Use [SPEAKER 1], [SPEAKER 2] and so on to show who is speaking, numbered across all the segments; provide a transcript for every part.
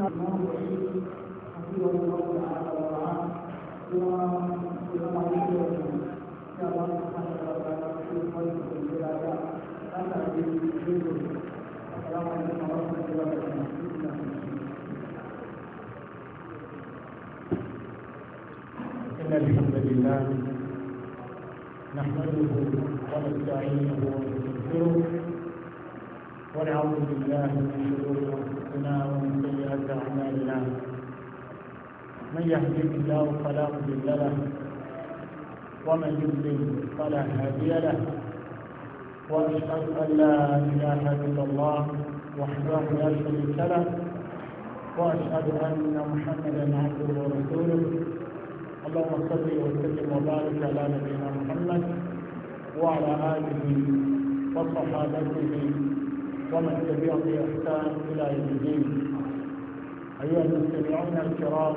[SPEAKER 1] حفظه الله تعالى ورعاه وسلام عليه وسلم يا الله سبحانه وتعالى في خير الجلالة أتى بالجود السلام عليكم ورحمة الله وبركاته إن الحمد لله نحمده ونستعينه ونستغفره ونعوذ بالله من شرور أنفسنا أنفسنا ومن سيئات أعمالنا من يهديه الله فلا مضل له ومن يضلل فلا هادي له وأشهد أن لا إله إلا الله وحده لا شريك له وأشهد أن محمدا عبده ورسوله اللهم صل وسلم وبارك على نبينا محمد وعلى آله وصحابته ومن تبعهم بإحسان إلى يوم الدين أيها المستمعون الكرام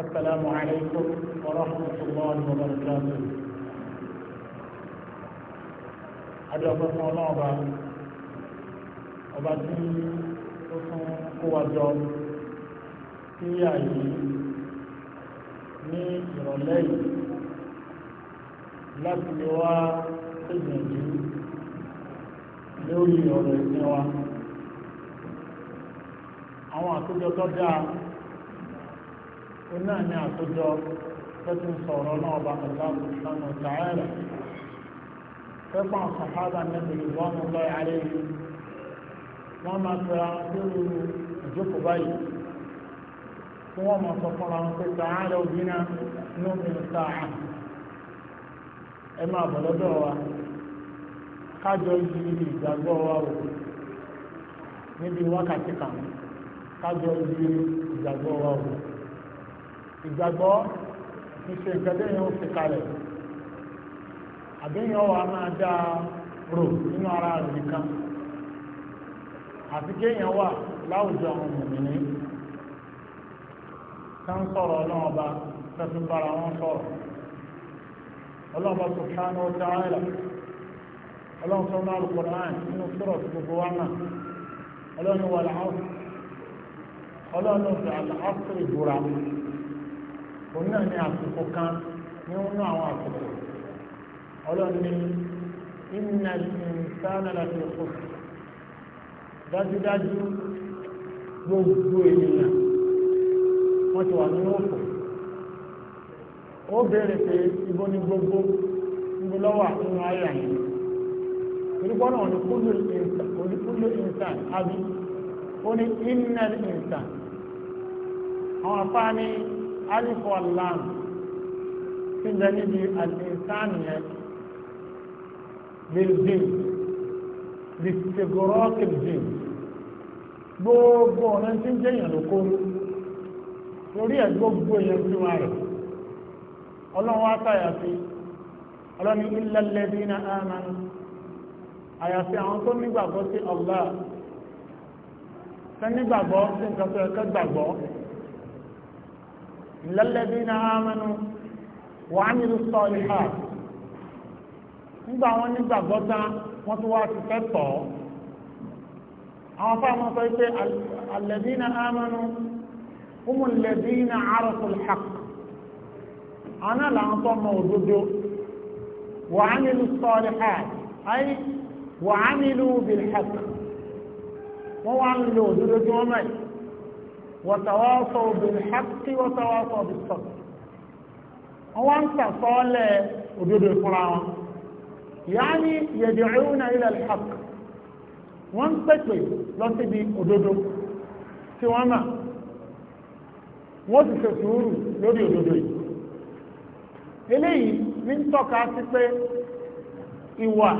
[SPEAKER 1] السلام عليكم ورحمة الله وبركاته أبي أبو الله ọba tí
[SPEAKER 2] ó tún kó
[SPEAKER 1] wa jọ sí àyè ní ìrọ̀lẹ́ yìí láti lè wá ṣègbìyànjú lórí ọ̀rọ̀ ẹ̀sìn wa àwọn àkójọ tó dáa ó náà ní tó ti ń sọ̀rọ̀ náà bá ọ̀gáàbù sánà tààrà pẹ́pọ̀ àkàkàbà nẹ́bí
[SPEAKER 3] ìbọnú lọ ààrẹ yìí wọ́n máa pẹ̀lú lórí ìjókòó báyìí tí wọ́n máa sọ fún àwọn pé ẹ máa bọ̀ lọ́dọ̀ wa
[SPEAKER 1] kájọ yí ìgbàgbọ́ wa wò níbi wákàtí kan
[SPEAKER 3] kájọ yí ìgbàgbọ́ wa wò ìgbàgbọ́ ìṣe ìgbẹ́lẹ́ yẹn ó fi kalẹ̀ àbẹ́yẹn wa máa dá rò nínú ara rẹ̀ nìkan àti kéèyàn wà láwùjọ àwọn mòmìnì tá ń sọ̀rọ̀ ọlọ́run ọba
[SPEAKER 1] ọba ọlọ́run tó ń
[SPEAKER 3] bá al nínú sọ̀rọ̀ tó gbogbo wa mà ọlọ́run wà ọlọ́run fi ìbúra òun náà ní àsìkò kan nínú àwọn àsìkò ọlọ́run ní inna al dájúdájú gbogbo ènìyàn wọ́n ti wà nínú òfò ó béèrè pé ni gbogbo ń lọ́wọ́ àtúnú ayé ìrúgbọ́nà ní kúlù ìnsàn àbí ó ní innal ìnsàn àwọn afá ní alifu alam tí ń bẹ níbi al-insan yẹn bilbil bisigorọ́ọ̀kì bil gbogbo ọ̀nà tí ń jẹ́yàn ló kó lórí ẹ̀ gbogbo èèyàn tí wọ́n rẹ̀ ọlọ́run wá sáyà sí ọlọ́run ilẹ̀ lẹ́bí náà á àyàfi àwọn tó nígbàgbọ́ sí Allah tẹ́nígbàgbọ́ sí nǹkan tó ẹ̀kẹ́ gbàgbọ́ lẹ́lẹ́bí na ámẹ́nu wà á nílùú sọ ìhà nígbà wọn nígbàgbọ́ tán wọ́n tún wá ti kẹ́kọ̀ọ́ àwọn fáwọn sọ pé alẹ́bí na ámẹ́nu kúmù lẹ́bí na àròkùn hàk àwọn náà làwọn tó mọ òdodo wà nílùú sọ ìhà ayé wà á nílò bilhaq wọ́n wá ń lo òdodo tí wọ́n mẹ́rin wọ̀tàwọ́sọ̀ bilhaq tí wọ́tàwọ́sọ̀ bisọ̀ wọ́n wá ń sàfọ́ọ́lẹ̀ òdodo fúnra wọn yáni yẹ̀dẹ̀ẹ́wùnà ila alhaq wọ́n ń pèpè lọ síbi òdodo tí wọ́n mà wọ́n ti ṣe sùúrù lórí òdodo yìí eléyìí ní tọ́ka sí pé ìwà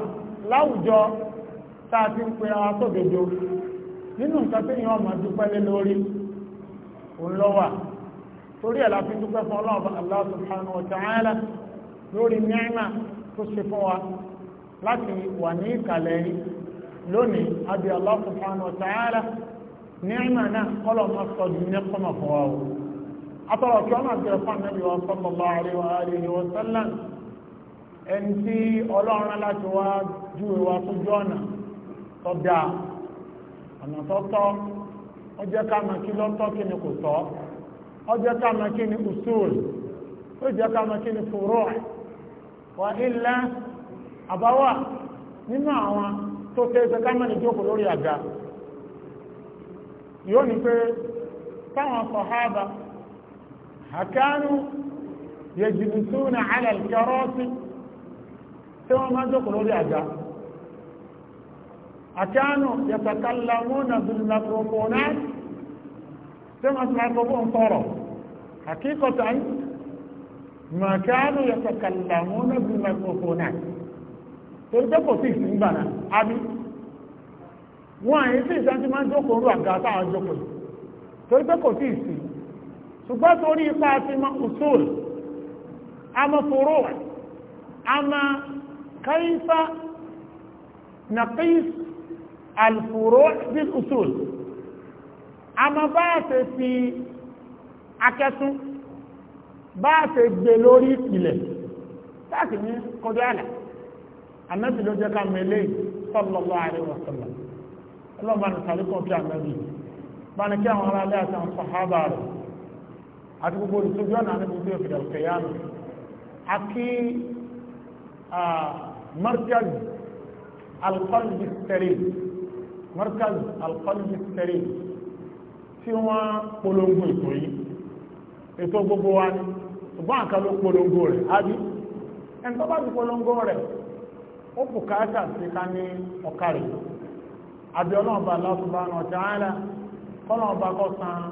[SPEAKER 3] láwùjọ tá a ń ara sódodo nínú nǹkan tí èèyàn máa dúpẹ́ lé lórí òun torí ẹ̀ la fi dúpẹ́ fún ọlọ́run Allah subhanahu wa ta'ala lórí mẹ́rìnà tó ṣe fún wa láti wà ní ìkàlẹ̀ yìí lónìí àbí Allah subhanahu wa ta'ala mẹ́rìnà náà kọ́lọ̀ máa sọ ju ní kọ́mọ̀ fún o ẹni tí ọlọ́run láti wá júwe wa tó jọ ọ̀nà tó dáa ọ̀nà tó tọ́ ó jẹ́ ká mọ̀ kí lọ́tọ́ kí ni kò tọ́ ó jẹ́ ká mọ̀ kí ni usul ó jẹ́ ká mọ̀ kí ni furu' wa illa àbáwà nínú àwọn tó tẹ́ ẹsẹ̀ ká ní jókòó lórí àga yóò ní pé táwọn sàhábà hakanu yajlisuna ala al-karasi tí wọ́n máa jókòó lórí àga àti àánú yàtàkàlà múnà bíi microphone tí wọ́n ti microphone sọ̀rọ̀ àkíkọ̀tà màkánù yàtàkàlà múnà bíi microphone tó ń jókòó sí ìsìngbà náà àbí wọn àyè sí ìsẹ́ntì máa jókòó lórí àga táwọn jókòó torí pé kò sí ìsìn ṣùgbọ́n torí ipa àti ma usul ama furu ama كيف نقيس الفروع بالأصول أما بات في أكسو بات بلوري إليه لكن قد أعلم النبي لو جاء ملي صلى الله عليه وسلم اللهم بارك عليكم في النبي بارك يا مولانا لا الصحابة àti gbogbo olùsójú ọ̀nà في gbogbo ìfìdàlùkẹ̀yà àti مركز القلب السليم مركز القلب السليم tí wọ́n polongo ètò yìí gbogbo wa ni ṣùgbọ́n àkà ló polongo rẹ̀ ábí ẹni tó bá ti polongo rẹ̀ ó bùkátà sí ká ní ọ̀ka rẹ̀ àbí ọlọ́ọ̀bà san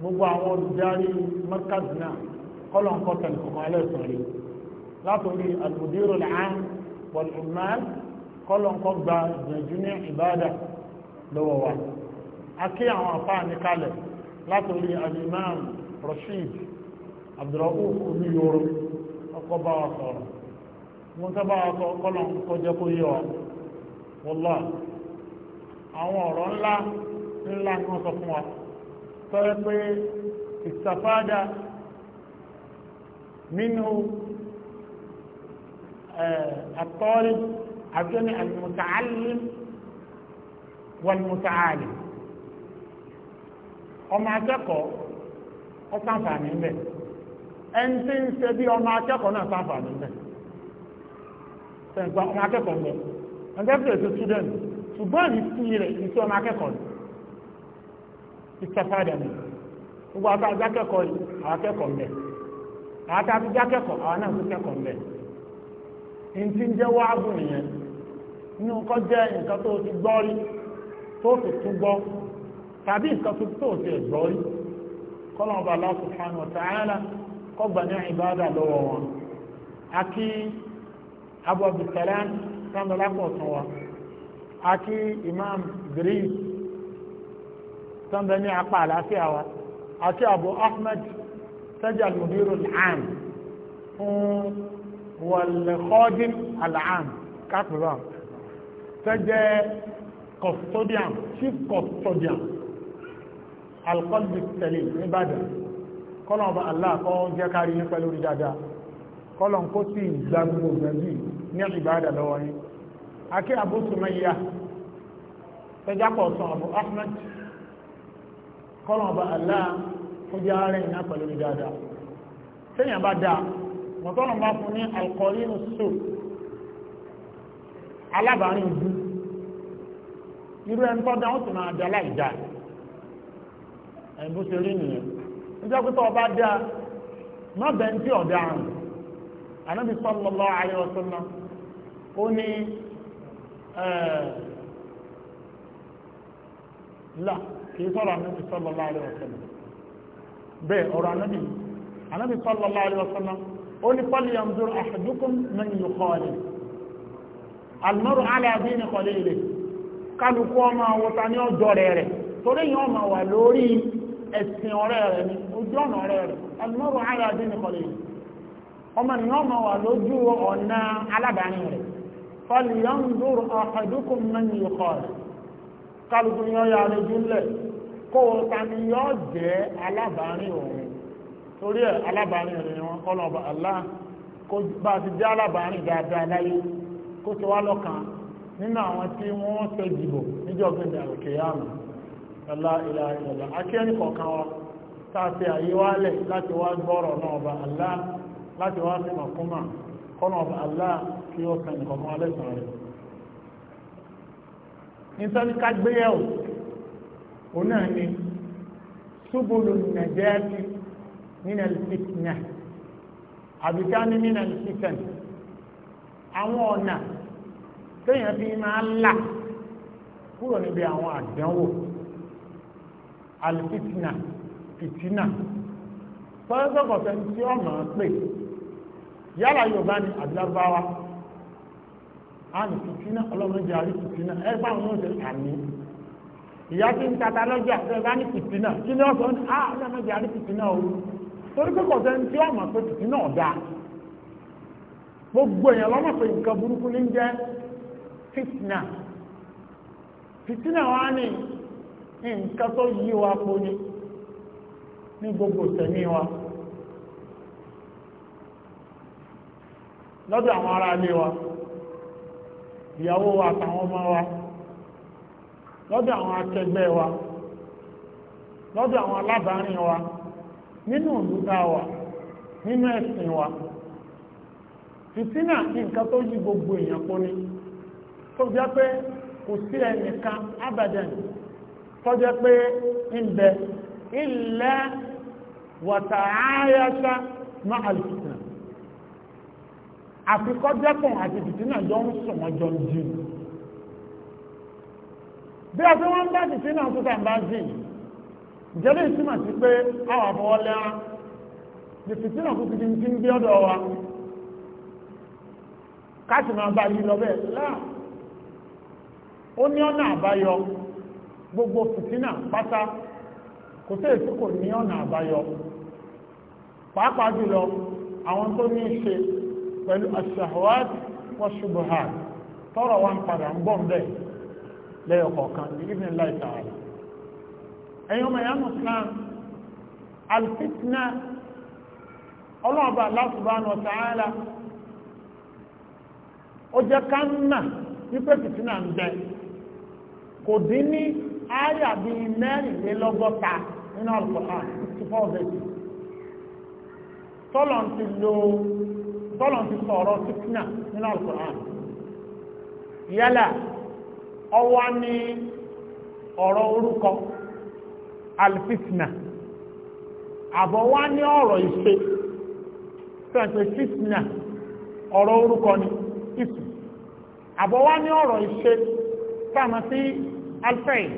[SPEAKER 3] gbogbo àwọn olùdarí mọ́kàdínà kọ́lọ́ọ̀kọ́ tẹ̀lé látòrí alùdírò làn wọ̀lùmán kọ́lọ̀nkọ́ gba ìgbìyànjú ní ìbádà lọ́wọ́ wa a kí àwọn àfáà ní kalẹ̀ látòrí alimam Rashid Abdurrauf omi yoro ọkọ̀ bá wa sọ̀rọ̀ mo tẹ́ bá wa sọ kọ́lọ̀nkọ́ jẹ́ kó yé wọ́lá àwọn ọ̀rọ̀ ńlá ńlá ni sọ fún wa tọ́rẹ pé ìsàfádà nínú الطالب عفوا المتعلم والمتعالم ọmọ akẹ́kọ̀ọ́ ó ṣàǹfààní ń bẹ ẹni tí ń ṣe bí ọmọ akẹ́kọ̀ọ́ náà ṣàǹfààní ń bẹ ṣẹ̀ǹgbà ọmọ akẹ́kọ̀ọ́ ń bẹ tó student ṣùgbọ́n ní sí rẹ̀ ìṣe ọmọ akẹ́kọ̀ọ́ ni ìṣẹ̀fàdà ntí ń jẹ́ wáàbù nìyẹn inú kọ́ jẹ́ nǹkan tó ti gbọ́ rí tó tún gbọ́ tàbí nǹkan tó tó ti gbọ́ rí kọ́lọ́n ọba Allah subhanahu wa ta'ala kọ́ ní lọ́wọ́ wọn Abu wa kí Imam Giri sàmìlá ní apá àlàáfíà wa Abu Ahmed al fún wọ̀lẹ̀kọ́dín alam kápẹ́rọ tẹ́jẹ́ custodian chief custodian alkọ́lù tẹ̀lẹ̀ níbàdàn kọ́lọ̀ ọba aláàkọ́ jẹ́ kárí ní pẹ̀lú orí dáadáa kọ́lọ̀ kó sì gba gbogbo gbẹ̀bí ní ìbáadà lọ́wọ́ yìí akí Abu Sumayya tẹ́jápọ̀ sọ Abu Ahmed kọ́lọ̀ ọba aláà kó jẹ́ ààrẹ ìyá pẹ̀lú orí dáadáa mọ̀tọ́nà bá fún ní alkọ̀rí ní so alábàárín ojú irú ẹni tó ó sì máa dá ọba dá má bẹ́ẹ̀ tí ọ̀dá àrùn anábì sallallahu alaihi wasallam ó ní là kìí sọ̀rọ̀ anábì sallallahu bẹ́ẹ̀ ọ̀rọ̀ ó ní fọ́lì yanzur ahadukum man yukhalif almaru ala dini qalili kálukú ọmọ àwòta ní ọjọ́ rẹ̀ rẹ̀ torí yìí ọmọ wà lórí ẹ̀sìn ọ̀rẹ́ rẹ̀ ni ojú ọ̀nà ọ̀rẹ́ rẹ̀ almaru ala dini qalili ọmọ ni ọmọ wà lójú ọ̀nà aládàáni rẹ̀ fọ́lì yanzur ahadukum man yukhalif torí ẹ̀ alábàárín rẹ̀ wọn kọ́ ala Allah kó bá ti jẹ́ alábàárín dáadáa láyé kó ti wá lọ́kàn nínú àwọn tí wọ́n ṣe jìbò níjọ́ gbẹ̀dẹ̀ òkè àmì ìlà ìlà akẹ́ni kọ̀ọ̀kan wa tá a fi àyè láti wá gbọ́rọ̀ náà ọba Allah láti wá sí màkúmà kọ́nà ọba Allah kí ó kọ̀ọ̀kan rẹ̀ nítorí ká òun náà nínú ẹ̀lẹ́sìtìnà àbíká ní nínú ẹ̀lẹ́sìtìnà àwọn ọ̀nà téèyàn fi máa là tí ó mọ̀ ọ́n pè yálà yorùbá ni àdúlágbáwá àmì fìtínà ọlọ́run ìyá tí ń tata lọ́jà fẹ́ bá ọlọ́run fìtínà torí pé kọ̀ọ̀tẹ́ ń tí ọmọ pé tìtì gbogbo èèyàn lọ́mọ pé nǹkan burúkú ní jẹ́ fitna fitna wa ni nǹkan tó yí wa po ni ní gbogbo tẹ̀mí wa lọ́dọ̀ àwọn ará ilé wa ìyàwó wa àtàwọn ọmọ wa lọ́dọ̀ àwọn akẹgbẹ́ wa wa. nínú òdúdá wa nínú ẹ̀sìn wa fìtínà nǹkan tó yí gbogbo èèyàn kó ní tó jẹ́ pé kò sí ẹnìkan abadan tó jẹ́ pé ń bẹ ilẹ̀ wàtàáyáṣá máa àlùfìtínà àfikọ́ jẹ́kùn àti fìtínà jọ ń sùn ọjọ́ ń jìn bí a fi wọ́n ń bá fìtínà tó tàbá jìn jẹ́lẹ̀ ìtumọ̀ sí pé àwọn àbọ̀wọ́ lẹ́ra ní fìtínà kúkú ti ń ń gbé wa máa bá yí lọ bẹ́ẹ̀ láà ó ní gbogbo fìtínà pátá kò sí èsì kò ní ọ̀nà àbáyọ pàápàá jùlọ àwọn tó ní ṣe tọrọ wa ń padà ń bọ̀ ń ẹ̀yin ọmọ ìyá alfitna ọlọ́ọ̀bà Allah subhanahu wa ó jẹ́ ká ń nà wípé ń bẹ kò dín ní áyà bíi mẹ́rìnlélọ́gọ́ta nínú Al-Qur'an sixty alfitna àbọ̀ wá ní ọ̀rọ̀ ìṣe fẹ́ẹ̀pẹ́ fitna ọ̀rọ̀ orúkọ ni ìsù àbọ̀ ní ọ̀rọ̀ ìṣe fáàmà sí alfẹ́ẹ̀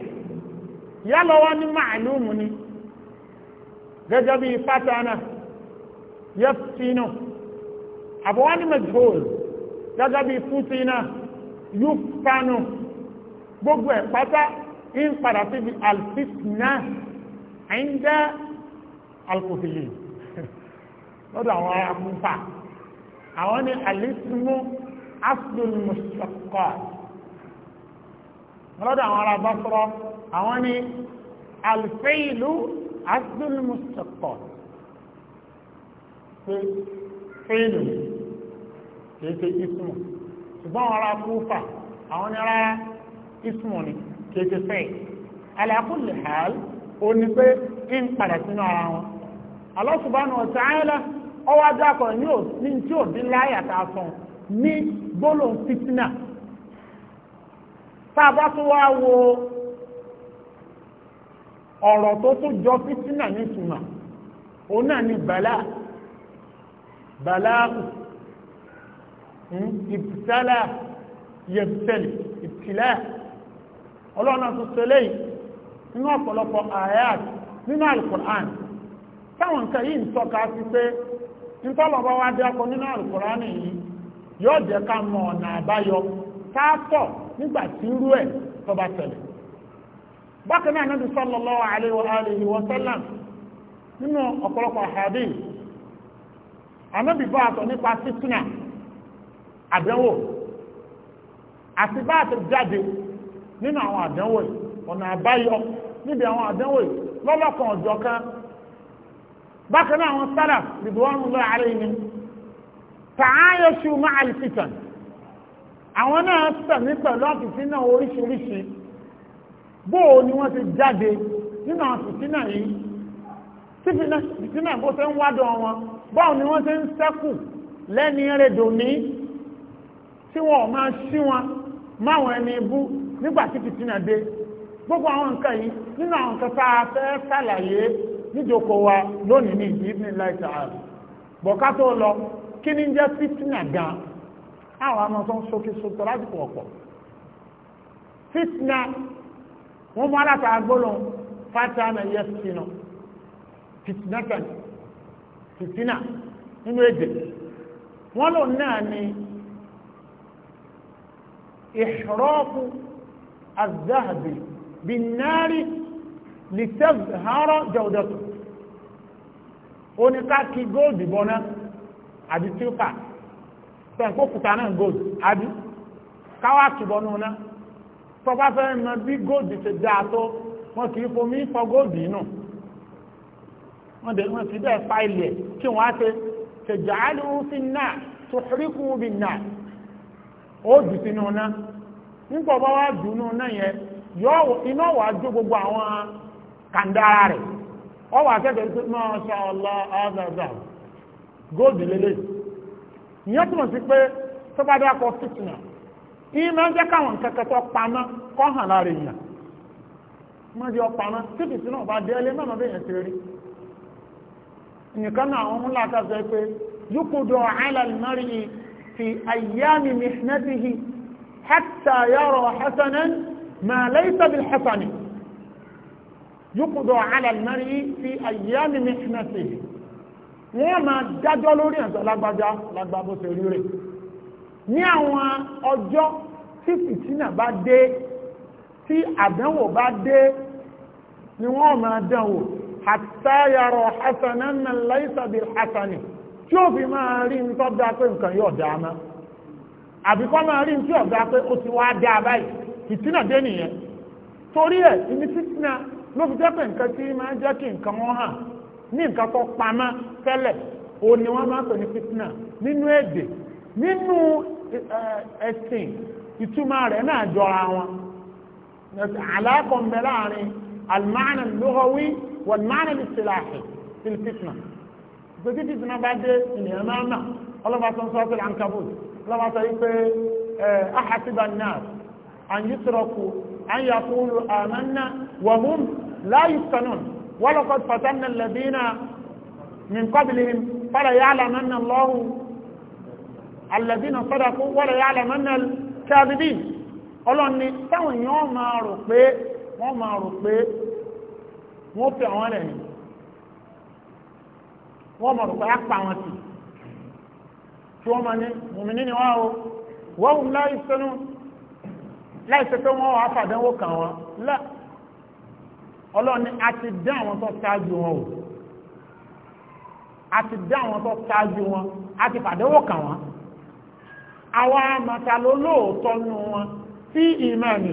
[SPEAKER 3] yálọ ní màálùmù ni gẹ́gẹ́ bí fatana yẹ́fìnà àbọ̀ ní majhul gẹ́gẹ́ bí fútina gbogbo ẹ̀ pátá ń padà alfitna àyíndá alkòfìlì lọ́dọ̀ àwọn akúfà àwọn ni alìsímú asulmusakọ lọ́dọ̀ àwọn ará bá sọ́rọ̀ àwọn ni alfẹ́ìlú asulmusakọ fẹ́ìlú kìí ṣe ismu ṣùgbọ́n àwọn ará àwọn ni ará ismu ni kìí ṣe fẹ́ì ala kulli hal onigbe ní pé ń padà sínú ara wọn Allah subhanahu wa ọwọ́ ajá ní tí ò dín láyà tá a ní gbólóhùn fitina tá a bá tún wá wo ọ̀rọ̀ tó tún jọ fitina ní O òun náà ní bàlá bàlá ìbùtálà hmm? ọlọ́run nínú ọ̀pọ̀lọpọ̀ ayat nínú alukur'an táwọn nǹkan yìí ń tọ́ka sí pé ntọ́lọ́bọ̀ wá dé ọkọ̀ nínú alukur'an yìí yóò jẹ́ ká mọ ọ̀nà àbáyọ káàtọ̀ nígbà ẹ̀ nínú àwọn àdánwò ọ̀nà àbáyọ níbi àwọn àdánwò yìí lọ́lọ́kan ọ̀jọ̀ kan bákan náà àwọn sálà bìbí wọn lọ àárẹ̀ yìí tààyè ṣu má àwọn náà sẹ̀mí pẹ̀lú àfìsí náà oríṣiríṣi bóò ni wọ́n ti jáde nínú náà yìí náà bó ṣe ń wádọ̀ wọn ni wọ́n ń sẹ́kù lẹ́ni rẹ̀dọ̀ ní tí wọ́n máa ṣí wọn máwọn ẹni gbogbo àwọn nǹkan yìí nínú àwọn nǹkan tá a fẹ́ sàlàyé níjòkó wa lónìí ní ìdíbìnrin láìsà àrùn bọ̀ká tó lọ kí ní jẹ́ fìtínà gan àwọn àmọ́ tó ń sókè sókè lásìkò ọ̀pọ̀ fìtínà wọ́n mú aláta agbólóhùn fátánà yẹ́sìnà fìtínà tẹ̀lé fìtínà nínú èdè wọ́n lò náà ni ìṣòro ọkùn azáàbì بالنار لتظهر جودته ó ní ká kí góòdì bọ́ná àbí tílpà náà góòdì àbí káwá na náà tọ́pá mọ bí góòdì ṣe dáa tó wọ́n kì í fomi fọ góòdì inu. wọ́n dẹ̀ wọ́n fi bẹ́ẹ̀ fáìlì ẹ̀ kí fi na iná wà á jó gbogbo àwọn kàndára rẹ̀ ọ wà kẹ́kẹ́ pé máa ṣe ọlọ ọ̀dọ̀dọ̀ góòdù lélẹ̀ ìyẹn túmọ̀ sí pé tó bá dé akọ fìtìnà ìyẹn máa ń jẹ́ káwọn kẹ̀kẹ́ tó pamọ́ kọ́ hàn lára èèyàn máa di ọpamọ́ tí fìtìnà bá dé ẹlẹ́ mọ́mọ́ bẹ́yẹn ti rí nìkan náà àwọn múlá kásẹ̀ pé yúkúdọ̀ àìlàlùmọ́rí fi àyàmì mihnatihi ما ليس بالحسن يقضى على المرء في أيام محنته wọ́n máa dájọ́ lórí ẹ̀sọ́ lágbájá lágbàbó ṣe rí rẹ̀ ní àwọn ọjọ́ tí fìtínà bá dé tí àdánwò bá dé ni wọ́n máa dánwò àtàyàrọ̀ hasanan man laysa bil hasani tí ó fi máa rí ń tọ́ dá pé nǹkan yóò dáa má àbíkọ́ máa rí ń tí ọ̀dá pé ó ti wá dáa báyìí fìtínà dé nìyẹn torí ẹ̀ ibi fìtínà ló fi jẹ́ pé nǹkan tí máa jẹ́ kí nǹkan wọn hàn ní nǹkan tó pamọ́ tẹ́lẹ̀ òun ni wọ́n máa pè ní fìtínà nínú èdè nínú ẹ̀sìn ìtumọ̀ rẹ̀ náà jọra wọn àlákọ̀ ń bẹ láàrin almaana lughawi walmaana istilahi fil fitna gbèsè fitna bá dé ènìyàn máa nà ọlọ́ba sọ sọ́ọ́sì àǹkàbù ọlọ́ba sọ yìí pé ahasiba náà أن يتركوا أن يقولوا آمنا وهم لا يفتنون ولقد فتنا الذين من قبلهم فلا يعلمن الله الذين صدقوا ولا يعلمن الكاذبين ọlọ́run ni táwọn èèyàn máa rò pé wọ́n máa rò pé wọ́n fi àwọn rẹ̀ yìí wọ́n máa rò pé á pa wọn tì tí wọ́n máa ní mùmìnì ni wọ́n o wọ́n wù láì sẹ́nu láìsẹ́ pé wọ́n wà fàdánwò kàn wọ́n lá ọlọ́ni a ti dá àwọn tó ṣáájú wọn o a ti dá àwọn tó ṣáájú wọn a ti fàdánwò kàn wọ́n àwa màtàló lóòótọ́ nù wọn sí ìmánì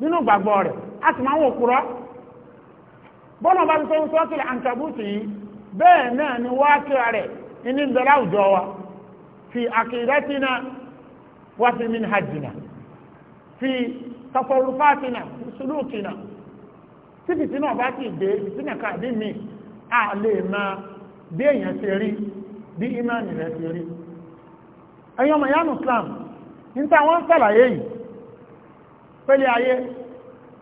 [SPEAKER 3] nínú gbàgbọ́ rẹ̀ a sì máa ń òkúrọ́ bọ́lá bá ti sọ ń sọ́kìlì àǹkàbùtì yìí bẹ́ẹ̀ náà ni wá kíra rẹ̀ ní ń bẹ láwùjọ wa fi àkìrẹ́tìnà wá sí minhajina. fi tasọrufatina sulukina tí fìtínà bá ti dé a lè ma bí èyàn ṣe rí bí imáni rẹ̀ ṣe rí ẹ̀yàn mayanu islam níta wọ́n sàlàyé yìí pẹ́lẹ̀ ayé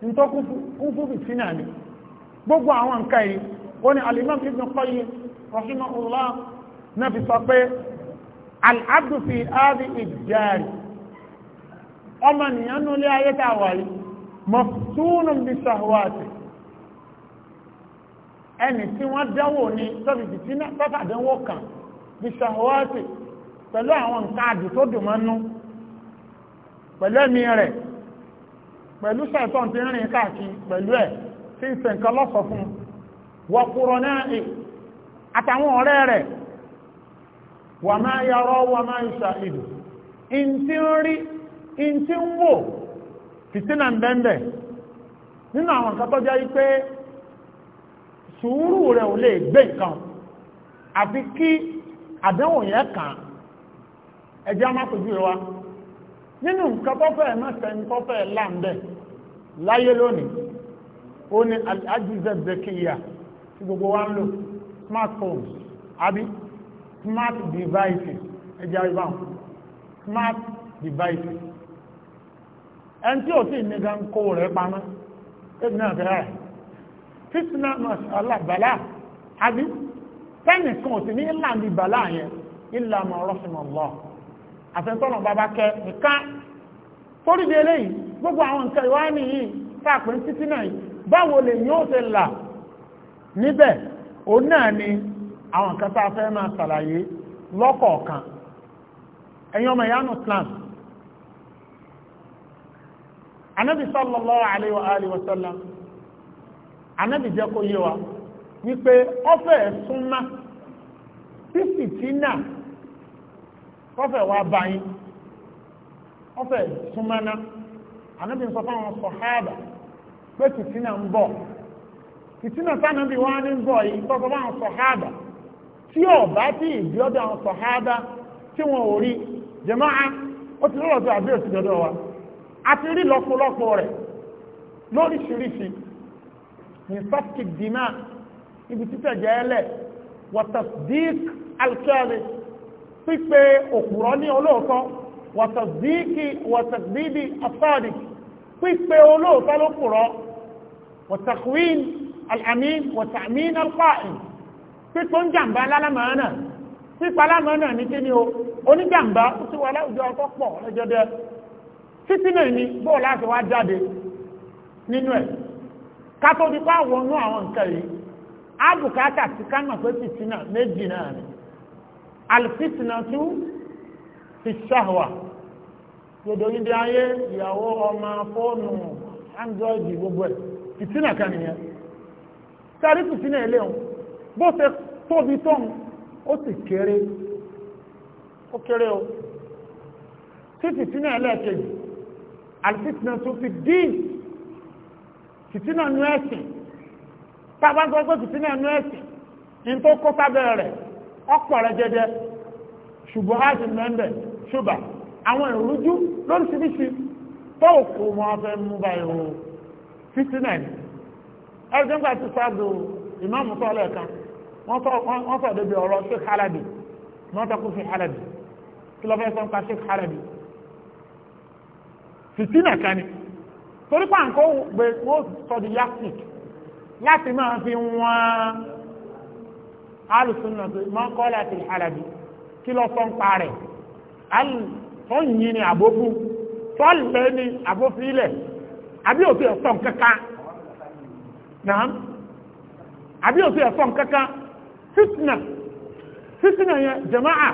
[SPEAKER 3] ní tó ni gbogbo àwọn nǹkan yìí ó al ọmọ nìyàn nú ilé ayé tàà wà yìí mọ̀túnù bí sàhùwàtì ẹni tí wọ́n dánwò ní sọ́fìsì tí tọ́tàdánwò kan bí sàhùwàtì Pelu àwọn nǹkan àdì tó dùn mọ́nú pẹ̀lú ẹ̀mí rẹ̀ pẹ̀lú sẹ̀tọ́n tí rìn káàkiri pẹ̀lú ẹ̀ tí ìfẹ̀ nǹkan lọ́sọ̀ fún wọ́kúrọ̀ náà è àtàwọn ọ̀rẹ́ rẹ̀ wà máa yarọ́ wa ma ìṣà in tí in ti ń wò fìtínà ń bẹ́ẹ̀ nínú àwọn nǹkan tó jẹ́ wípé sùúrù rẹ̀ ò lè gbé nǹkan àfi kí àdéhùn yẹn kàn ẹjẹ́ á rẹ̀ wa nínú nǹkan tó fẹ́ mẹ́sẹ̀ ń tó fẹ́ láyé lónìí ó ní ajízẹ́ zekiya tí gbogbo wa ń lò smartphones àbí smart devices ẹjẹ́ àríwá smart devices e ò sí nígbà ń kó rẹ̀ pamọ́ ẹbí náà fẹ́ rẹ̀ bala àbí fẹ́ẹ̀nì kan ò sí ní ìlà bala yẹn ìlà mọ̀ àfẹ́ntọ́nà bàbá kẹ nìkan torí eléyìí gbogbo àwọn nǹkan ìwá nìyí káàpẹ́ ń títí náà báwo lè yóò ṣe là níbẹ̀ náà ni àwọn nǹkan tá a fẹ́ máa ṣàlàyé lọ́kọ̀ọ̀kan ẹ̀yin ọmọ ìyá anabi sallallahu alayhi wa alihi wa sallam anabi jẹ́ kó yé wa wípé ọfẹ súnmá fífi wa anabi sọ fáwọn sọhábà tina títí náà ń bọ̀ títí náà sànàbí wọn á tí ọba tí ìdí ọ̀dọ̀ àwọn sọhábà wọn wa. àti rí lọ́pọ̀lọpọ̀ rẹ̀ lóríṣiríṣi ní fásitì dìímà ibi títẹ̀ jẹ́ ẹlẹ̀ wọ́tọ̀sík alkẹ́rẹ́ pípé òkúrọ́ ní olóòótọ́ wọ́tọ̀síkì wọ́tọ̀sídì afáàdì pípé olóòótọ́ ló kúrọ́ wọ́tọ̀kùwín alamin wọ́tọ̀mín alfáàìn pípé ń jàǹbá lálámàánà pípa lámàánà ní kí ni o oníjàǹbá ó ti wà láwùjọ ọkọ̀ pọ̀ lọ́jọ́ títí náà ni bóò láti wá jáde nínú ẹ̀ kátó ti kọ́ àwọn inú àwọn nǹkan yìí ábùkátà ti ká mọ̀ pé fìtínà méjì náà ni àlùfìtínà tún ti ṣàwà gbogbo yìí di ayé ìyàwó ọmọ fóònù android gbogbo ẹ̀ fìtínà kan nìyẹn sáré fìtínà ilé wọn bó ṣe tóbi tó ń ó sì kéré ó kéré alifitina tó fi dín fìtínà nu ẹ̀sìn tá a bá ń sọ pé fìtínà nu ẹ̀sìn ní tó kó sábẹ́ rẹ̀ ọ̀pọ̀ rẹ̀ jẹjẹ ṣùgbọ́n á ti mẹ́ńbẹ̀ ṣùgbà àwọn ìrújú lóríṣiríṣi tó kò wọn fẹ́ mú báyìí o fìtínà ni ẹ̀rọ nígbà tí sáàdù ìmáàmù sọ̀lẹ̀ kan wọ́n sọ̀ débi ọ̀rọ̀ Sheikh Halabi wọ́n sọ kó fi Halabi kí lọ́ fẹ́ sọ́n ka Sheikh Halabi fìtínà kan ni torí pàǹkó gbé wọ́n sọ di yasik láti máa fi wọ́n alùsùnà pé máa kọ́ láti Halabi kí lọ sọ ń pa rẹ̀ tó ń yin ni àbókú tó lẹ́ ni àbófilẹ̀ àbí òfin ẹ̀sọ́ kankan náà àbí òfin ẹ̀sọ́ kankan fìtínà fìtínà yẹn jẹ̀máà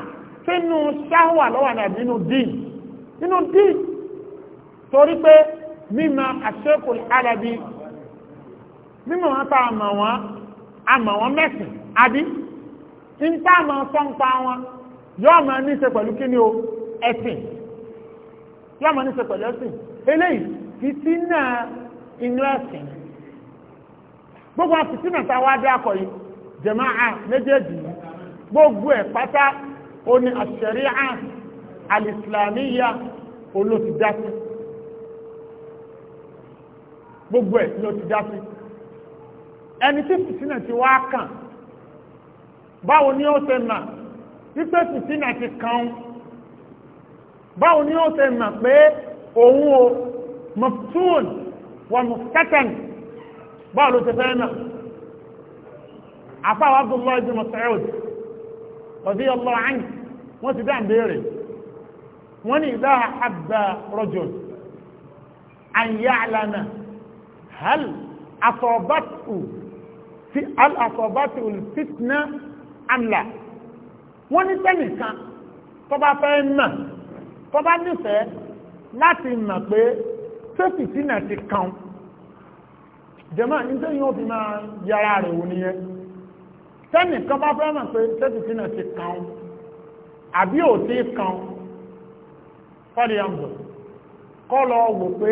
[SPEAKER 3] sínú sáwà lọ́wọ́ àbínú dín nínú dín torí pé mímọ̀ àṣekùn alábi mímọ̀ wọn tá àmọ̀ wọn àmọ̀ wọn mẹ́sìn àbí ń tá àmọ̀ sọ́ǹpa wọn yóò máa ní í ṣe pẹ̀lú kíni o ẹ̀sìn yóò máa ní í ṣe pẹ̀lú ẹ̀sìn eléyìí fìtínà inú ẹ̀sìn gbogbo fìtínà tá a wá dé akọ yìí jẹ̀máà méjèèjì gbogbo ẹ̀ pátá ó ní àṣẹ̀ríà alìsìlámíyà olóṣìdásí gbogbo ẹ̀ ló ti Eni sí ẹni tí fìtínà ti wá kàn báwo ni ó ṣe mà wípé fìtínà ti kàn ún báwo ni ó ṣe mà pé òun o mọ̀tún wọn mọ̀tẹ́tẹ̀n báwo ló ṣe fẹ́ mà àfáà Abdullahi ibn Mas'ud radiyallahu anhu wọ́n ti dá ìbéèrè wọ́n ní idha habba rajul an hal asọ̀bátù fi al asọ̀bátù fitna amla wọ́n ní sẹ́nìkan tó bá fẹ́ nà tó bá nífẹ̀ẹ́ láti mọ̀ pé ṣé fìtínà ti kàn jẹ́mọ́ nítorí yóò fi máa yára rẹ̀ wò nìyẹn sẹ́nìkan bá fẹ́ mọ̀ pé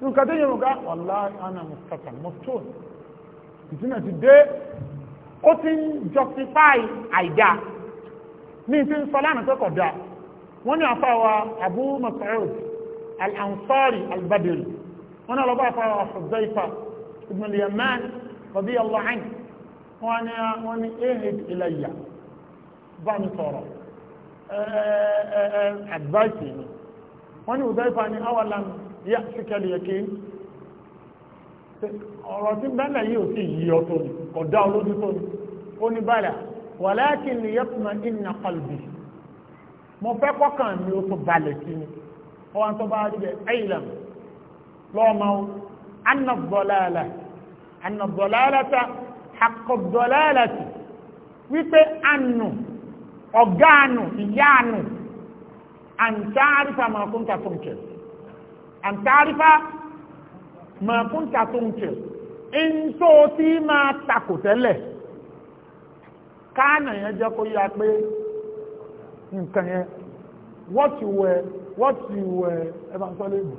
[SPEAKER 3] nǹkan tó yẹn rùgá wallahi ana mustapha mustone ìtúnà ti dé ó ti ń justify àìdá ní ti ń tó kọ̀ wọ́n ní àfáwà abu mas'ud al-ansari al-badri wọ́n ní ọlọ́bà àfáwà hudhaifa ibn al-yaman radiyallahu anhu wọ́n ní wọ́n ní ehid ilayya bá mi sọ̀rọ̀ advice ni wọ́n ní hudhaifa ni awalan yá síkẹ́lì yẹ kí ọ̀rọ̀ tí bẹ́lẹ̀ yìí ò sí yìí ọ tó ní ọ̀dá olójú tó ní ó ní bàlá wàláàkì ni yẹ́kùnmá ìnà kọlùbì mo fẹ́ kọ́kàn mi ó tó balẹ̀ sí ni ọwọ́n tó bá rí bẹ́ ẹ̀yìnlẹ̀m lọ́ọ̀mà ó anàbọ̀láàlà anàbọ̀láàlàta àkọ̀bọ̀láàlàtì wípé ànù an tarifa ma kunta tunkir in tó ti máa takò tẹ́lẹ̀ káànà yẹn jẹ́ kó yá pé nǹkan yẹn what you were what you were ẹ bá ń sọ léèbù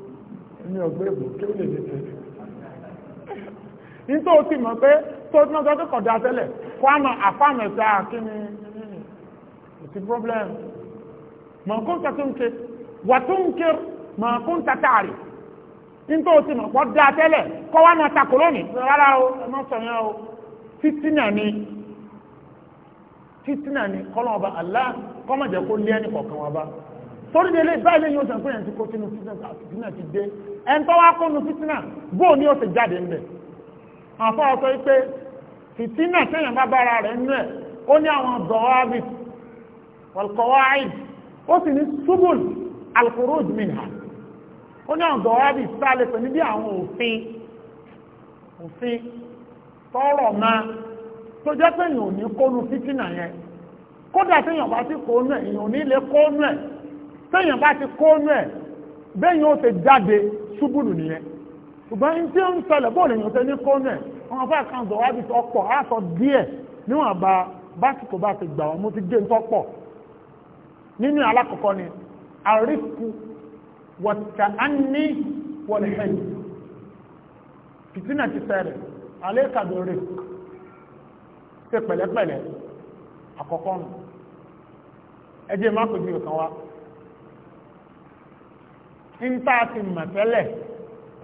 [SPEAKER 3] ẹni ọgbẹ́ èbò kí ó lè lè tẹ̀lé ti mọ̀ pé tó ti mọ̀ sọ pé kọ̀dá tẹ́lẹ̀ kó a mọ̀ àfàmọ̀ ẹ̀sẹ̀ ah, kí ni it's a problem mọ̀ kó sọ tó ń ké wà tó ma kún tata rè nítorí o ti mọ̀ pọ́ da tẹ́lẹ̀ kọ́ wá náà takò lónìí rárá o ẹ má sọ yẹn o fitina ni fitina ni kọ́lọ́ ọba Allah kọ́mọ̀ jẹ́ kó lé ẹnì kọ̀ọ̀kan wa bá torí délé báyìí lẹ́yìn oṣù àpẹẹrẹ ti kó sínú fitina ti dé ẹn tó wá kó nu fitina bóò ní oṣù jáde ń bẹ̀ àfọ ọsọ pé fitina sẹ́yìn bá bára rẹ̀ ń rẹ̀ ó ní àwọn dọ̀wábì wal ó ní ọ̀dọ̀ ẹ́bì sálẹ̀ pẹ̀lú bí àwọn òfin òfin tọ́rọ̀ ma tó jẹ́ pé èèyàn ò ní kónú fítínà yẹn kódà téèyàn bá ti kónú ẹ̀ èèyàn ò ní lè kónú ẹ̀ téèyàn bá ti kónú ẹ̀ béèyàn ó ti jáde ṣubúlù nìyẹn ṣùgbọ́n tí ó ń ṣẹlẹ̀ bóòlù èèyàn tẹ́ ní kónú ẹ̀ wọn fẹ́ kan ọ̀dọ̀ ẹ́bì ọ̀pọ̀ á sọ díẹ̀ níwọ̀n bá básìkò bá ti gbà wọn mo ti gé ń tọ́pọ̀ nínú alákọ̀ọ́kọ́ ni àríkù wàtàánì wọ̀lẹ̀hẹ́n fìtínà ti fẹ́rẹ̀ alẹ́kàdọ̀rẹ̀ ṣe pẹ̀lẹ́pẹ̀lẹ́ àkọ́kọ́ nù ẹjẹ́ má kò jù ìkan wá ń tá a ti mọ̀ tẹ́lẹ̀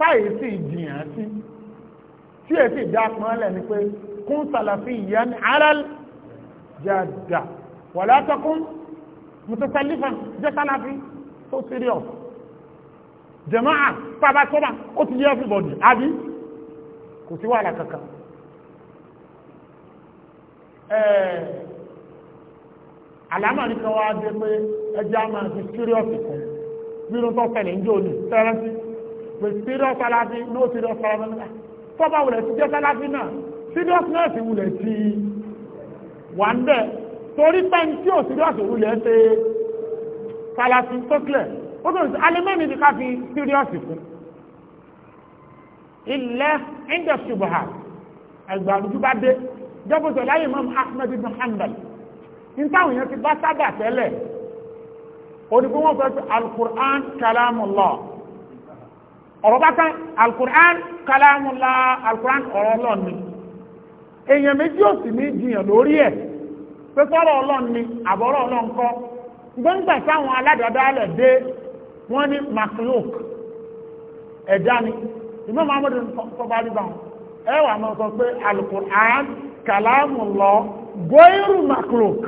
[SPEAKER 3] táyé sì jìyàn sí tí è sì já pọ́nlẹ̀ ni pé kún sàlàfí ìyá ní aral jàdà wọ̀lá tọkún mùtúsẹ́lífà jẹ́ sàlàfí tó serious jẹ̀máà pàbá sọ́bà ó ti yẹ everybody àbí kò sí wàhálà kankan àlámà ní kan wá dé pé ẹjá máa fi serious kan nínú tó fẹ̀lẹ̀ ń jò ní tẹ́rẹ́ntì pé serious aláfi ní ó serious aláfi tọ́ba wùlẹ̀ ti jẹ́ sáláfi náà serious náà sì wùlẹ̀ ti wà ń bẹ̀ torí pẹ́ntí ò serious wùlẹ̀ ṣe sáláfi tó clear ó tó sọ alẹ́ mẹ́rin ni ká fi síríọ́sì fún ilẹ̀ indus subha ẹgbàlódú bá dé jọ́bùsọ̀ láyé mọ́mú ahmed ibn hanbal nítawọn èèyàn ti bá sábà tẹ́lẹ̀ onígbó wọn fẹ́ fi alukur'an kalamullah ọ̀rọ̀ bá kan alukur'an kalamullah alukur'an ọ̀rọ̀ ọlọ́run ni èèyàn méjì ò sì ní jiyàn lórí ẹ̀ pé sọ́rọ̀ ọlọ́run àbọ̀rọ̀ ọlọ́run kọ́ gbọ́ngbà táwọn aládàáda dé wọ́n ní makluk ẹ̀dá ni ìmọ̀ mahamudu tọba rí bá wọn ẹ wà mọ́ sọ pé alukur'an kàlámù lọ gbóyìrù makluk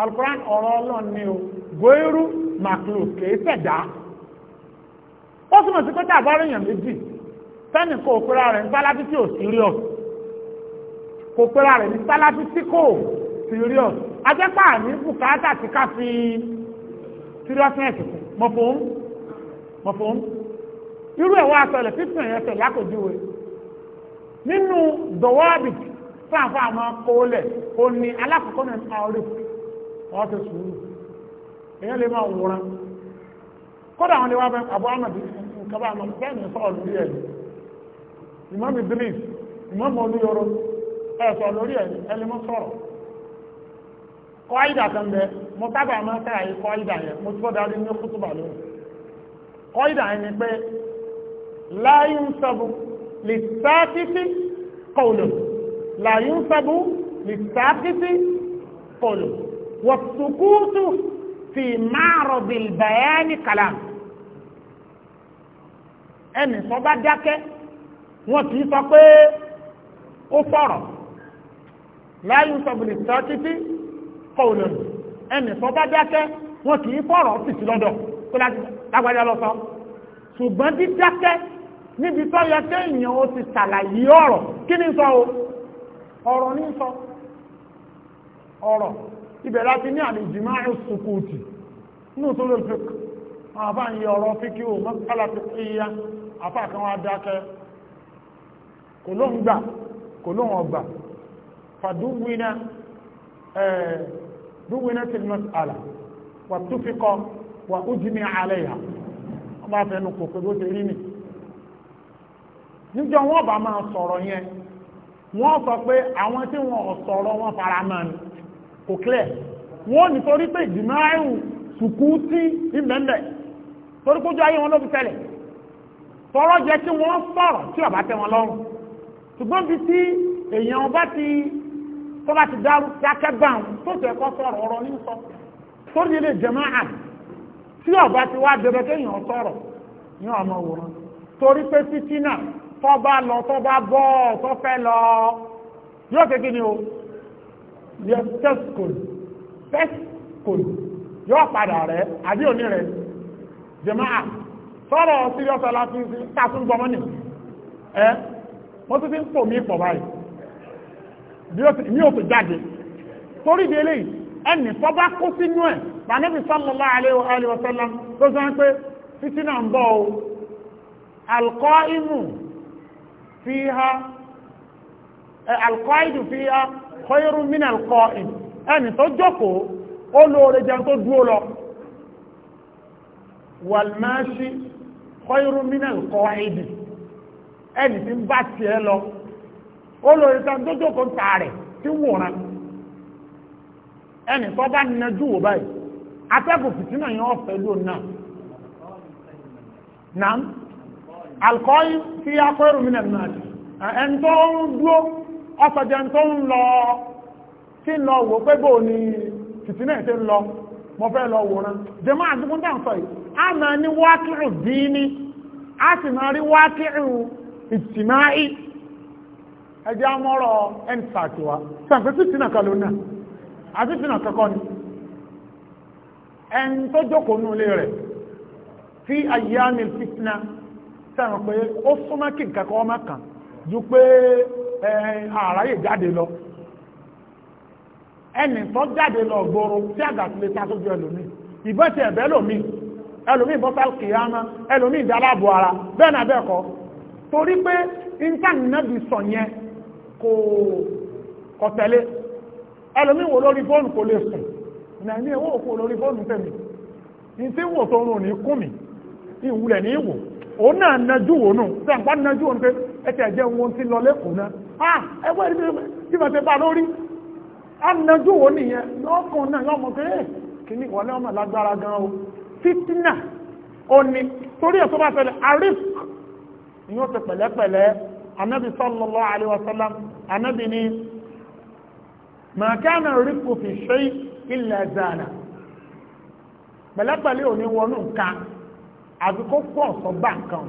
[SPEAKER 3] alukur'an ọ̀rọ̀ ọlọ́run ni o gbóyìrù makluk kìí ṣẹ̀dá ó túnmọ̀ sí pé tàbá ríyàn méjì sẹ́ni kò pera rẹ̀ ní sálábí tí ò serious kò pera rẹ̀ ní sálábí tí kò serious ajẹ́pà ní bùkátà ti ká fi seriousness mọ̀fún mọ̀fún irú ẹ̀ wá sọlẹ̀ fífún ẹ̀yẹ tẹ̀ lákòjúwe nínú dọ̀wọ́bì fáfá àmọ́ kólẹ̀ ó ní alákọ̀ọ́kọ́ ní ọ̀rẹ́ wọ́n ti sùúrù èyàn lè máa wòran kódà àwọn lèwà bẹ àbọ̀ àmàdì nǹkan bá àmàdì bẹ́ẹ̀ ní sọ̀rọ̀ lórí ẹ̀ ìmọ̀mì Idris ìmọ̀mì olúyọrọ ẹ̀ sọ̀rọ̀ lórí ẹ̀ ẹ̀ sọ̀rọ̀ kọ́ ìdà kan bẹ mo sábà máa ń sára yìí kọ́ ìdà yẹn mo tí ó darí ní kútùbà lónìí kọ́ ìdà yẹn ni pé láyé ń sọ́bù lè sáàkìtì kọlù láyé ń sọ́bù lè sáàkìtì kọlù wọ́sùkútù fi máàrọ̀ bìlbẹ̀ẹ́ ní kàlàm ẹnì sọ bá dákẹ́ wọ́n kì í sọ pé ó sọ̀rọ̀ láyé sọ́bù lè sáàkìtì kọlù qawlan ẹnì sọ bá dákẹ́ wọn kì í fọ̀rọ̀ ọ́fíìsì lọ́dọ̀ kó lágbájá lọ sọ ṣùgbọ́n dídákẹ́ níbi tó yẹ kéèyàn ó ti ṣàlàyé ọ̀rọ̀ kí ni sọ o ọ̀rọ̀ ní sọ ọ̀rọ̀ ibẹ̀ láti ní àmì ìjìmá ìsùkùtì nínú tó lè fi àbá ń yẹ ọ̀rọ̀ fíkí o mọ́kànlá ti pé ya àfà kan wá dákẹ́ kò ló ń gbà kò ló ń ọgbà fàdúwìnà ẹ̀ẹ́ dúwìnà ti mọ́sálà wà túfikọ́ wà újìmí àlẹ́yà wọ́n bá fẹ́nu kò pé bó ṣe rí mi níjọ wọ́n bá máa sọ̀rọ̀ yẹn wọ́n sọ pé àwọn tí wọ́n sọ̀rọ̀ wọn fara mọ́ ni kò clear wọ́n nítorí pé ìgbìmọ̀ àìwù sùkú tí ìbẹ̀ǹbẹ̀ torí kójú ayé wọn ló fi tẹ́lẹ̀ tọrọ jẹ kí wọ́n sọ̀rọ̀ tí ọ̀bá tẹ wọn lọ́rùn ṣùgbọ́n bí tí èèyàn bá ti tó bá ti dárú dákẹ́ bá àwọn tó tẹ̀ kọ́ sọ̀rọ̀ ọ̀rọ̀ ní sọ torí ilé jàmáà tí ọba ti wá dẹrẹ kéèyàn sọ̀rọ̀ ní ọmọ òwòrán torí pé fìtínà tó bá lọ tó bá bọ́ tó fẹ́ lọ yóò ṣe ni o yẹ tẹ́sikòlù tẹ́sikòlù yóò padà rẹ̀ àbí òní rẹ̀ jàmáà sọ̀rọ̀ sírí ọ̀sọ̀ láti tàkùn gbọmọ́nì ẹ́ mo tún ti ń pò mí pọ̀ báyìí ní òtò jáde torí di eléyìí ẹnì sọ́bá kó sínú ẹ̀ bànẹ́bí sallallahu alaihi wa sallam tó sọ pé títí náà ń bọ̀ o alqaimu fiha alqaidu fiha khairun min alqaim ẹnì tó jókòó ó lóore jẹun tó dúró lọ wàlmáṣí khairun min alqaidi ẹnì tí ń bá tiẹ̀ lọ olórí kan tó jókòó ń ta tí wòran ẹnì kan bá nínú wò báyìí fìtínà yẹn ọ̀fẹ́ náà a kọ́ èrò mìíràn náà ẹni tó ń dúró ọ̀sọ̀jẹ̀ tó ń lọ lọ wò pé bò ní fìtínà ti ń lọ mo fẹ́ lọ wòran jẹ́mọ́ àdúgbò tá sọ yìí a máa ní wákìrù ẹjẹ́ amọ́rọ̀ nsat sàǹfẹ́ sí sínà kan lónà àti sínà kankan ni ẹn tó jókòó nù lé rẹ̀ fi ayyami fitna sàǹfẹ́ pé ó súnmọ́ kí nǹkan kan ọmọ kan ju pé àráyè jáde lọ ẹnì tó jáde lọ gbòòrò tí àgàtúlẹ̀ tá a tó ju ìbọn ti ẹ̀bẹ́ kìyàmá ara bẹ́ẹ̀ bẹ́ẹ̀ kọ́ torí pé intanet náà bí sọ kò kọ̀tẹ̀lé ẹlòmí wò lórí fóònù kò lè sùn nàní ẹwọ́ òkú lórí fóònù tẹ̀mí ní tí wò tó rùn ní kún mi ìwúlẹ̀ ní ìwò òun náà najú wò nù tí àpá wò wọn ti náà ẹwọ́ ẹ̀rí lórí wò nìyẹn náà pé eh, kìíní wọlé ọmọ lágbára gan fitina torí bá fẹ́lẹ̀ arif ni ó anábì ni màkánà rípò fi ṣe ilẹ̀ zàlà pẹ̀lẹ́pẹ̀lẹ́ òní wọnú nǹkan àti kó pọ̀ sọ́gbà nǹkan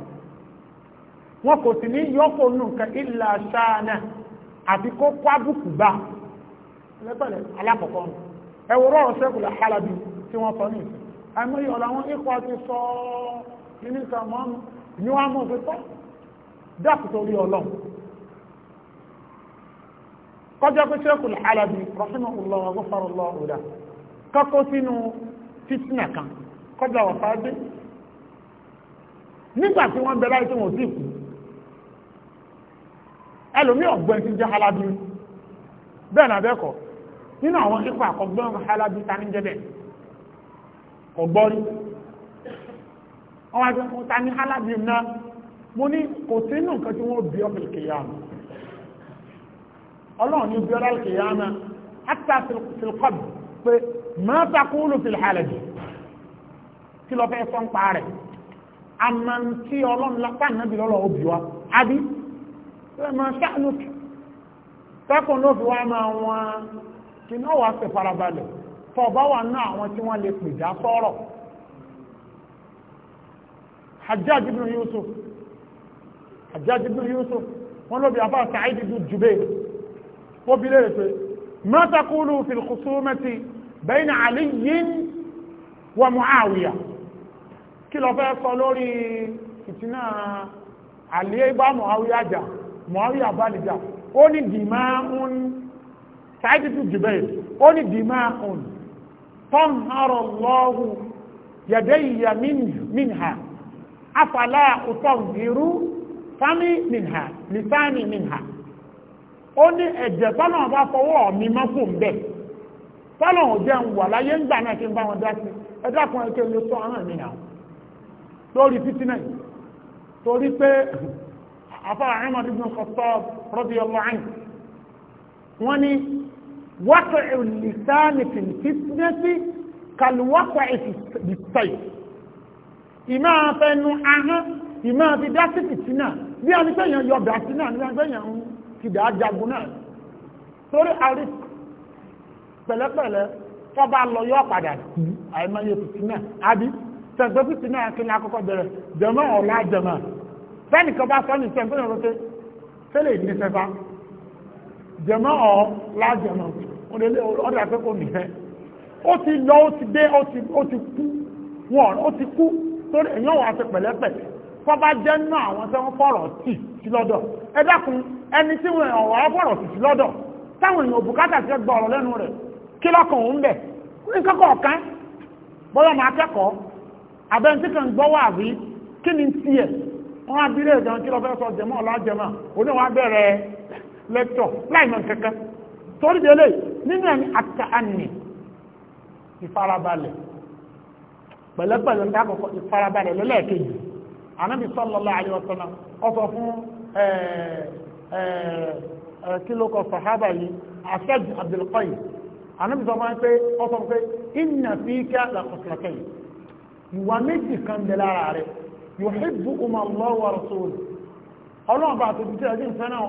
[SPEAKER 3] wọn kò sì ní yọ́pọ̀ nù nǹkan ilẹ̀ ṣáánà àti kó kó àbùkù bá pẹ̀lẹ́pẹ̀lẹ́ alákọ̀ọ́kọ́ ẹwọ́rọ̀ ṣẹ́kùlẹ̀ halabi tí wọ́n sọ ní àmì ọ̀làwọn ikọ̀ ti sọ nínú ìkàmọ́nù ni wọ́n mọ̀ sí tọ́ dákùtò orí ọlọ́run kọjá pé sẹ́kùn alábi rahimahullah wa ghafarallahu ọ̀dà kọ́kọ́ sínú fitna kan kọjá wà fáájú nígbà tí wọ́n bẹ̀rẹ̀ àìsàn òsì ẹlòmí ti jẹ́ alábi bẹ́ẹ̀ náà bẹ́ẹ̀ kọ́ nínú àwọn ipa àkọ́gbọ́n alábi ta ní jẹ́bẹ̀ ọ̀gbọ́rí wọ́n wá fún ta ní alábi náà mo ní kò sínú nǹkan tí wọ́n bí ọlọ́run ní bí ọlọ́run kì í yáná hátà fìlkọ́b pé máa takúlù fìlhálẹ̀ jù kí lọ fẹ́ sọ́n pa rẹ̀ àmà tí ọlọ́run lápá nàbí lọ́lọ́ òbí wa àbí ẹ máa ṣàánú tẹ́kùn ló fi wá máa wọn kí náà wàá ṣe farabalẹ̀ fọba wà náà àwọn tí wọ́n lè pè dá sọ́rọ̀ Hajjaj ibn Yusuf Hajjaj ló bí afá Sa'id ibn Jubayr ó bí lè pé mọ́tàkùlù fìlkùsùmẹ́tì bẹ́yìn àlìyín wa Muawiya kí lọ fẹ́ sọ lórí ìtìná àlìyé bá Muawiya jà Muawiya bá lè jà ó ní dìímá ń sáyẹ́tìtì jùbẹ́ ó ní dìímá ń tọ́m àrọ̀ lọ́hù yẹ̀dẹ́yìyà minha afàlà òtọ̀ ìrú fámi minha ó ní ẹ̀jẹ̀ tọ́lọ̀ bá fọwọ́ mi mọ́ fún bẹ́ẹ̀ tọ́lọ̀ ò jẹun wà láyé ń gbà náà kí n bá wọn dá sí ẹjọ́ kan ẹ̀kẹ́ ló sọ ọ̀ràn mi náà lórí fítínà torí pé afárá ahmed ibn Khattab radiyallahu anhu wọ́n ní wákò ìlísánì fìtínẹ́sì kàlùwákò ìfìtìsáì ìmọ̀ afẹnu ahọ́n ìmọ̀ afidásí fìtínà bí a ní pé èèyàn yọ bàtí náà ní a ní pé èèyàn kìdá jagun náà torí àrí pẹ̀lẹ́pẹ̀lẹ́ tó bá lọ yọ padà sí àìmọye fìtínà àbí tẹ̀gbẹ́ fìtínà akínlẹ̀ akọ́kọ́ bẹ̀rẹ̀ jẹ̀mọ́ ọ̀la jẹ̀mọ́ fẹ́ni kan bá sọ́ni tẹ̀gbẹ́ yọ̀rọ̀ pé tẹ́lẹ̀ ní sẹ́fà jẹ̀mọ́ ọ̀la jẹ̀mọ́ ọ̀dà pé kò nìyẹn ó ti lọ ó ti dé ó ti kú wọn ó ti kú torí èèyàn wà á ti pẹ̀lẹ́pẹ̀lẹ́ kọ́ bá jẹ́ nínú àwọn tẹ́wọ́n fọ̀rọ̀ tì sí lọ́dọ̀ ẹ dákun ẹni tí wọn ọ̀rọ̀ afọ̀rọ̀ sì sí lọ́dọ̀ táwọn èèyàn bùkátà ti gba ọ̀rọ̀ lẹnu rẹ kí lọ́kàn òun bẹ̀ nǹkan kọ̀ọ̀kan bọ́lá máa kẹ́kọ̀ọ́ abẹ́ntí kan gbọ́ wà rí kí ni tiẹ̀ wọ́n á bí lẹ́ẹ̀dán kí lọ fẹ́ sọ jẹmọ́ ọ̀lájẹmọ́ oní wọn bẹ̀rẹ̀ lẹ́tọ̀ láìmọ̀ kẹ́kẹ́ torí délé nínú ẹni àtà àní ìfarabalẹ̀ pẹ̀lẹ́pẹ̀lẹ́ ọsọ fún kílókọ̀ sàhábà yìí asad abdulqayi anábì sọ máa ń pé ọ sọ pé inna fika làkọ̀sìlàkẹ́ yìí ìwà méjì kan bẹ lára rẹ̀ yòhébù umar lọ́wọ́ rasul ọlọ́run bá tó dìtẹ́ ọdún fẹ́ràn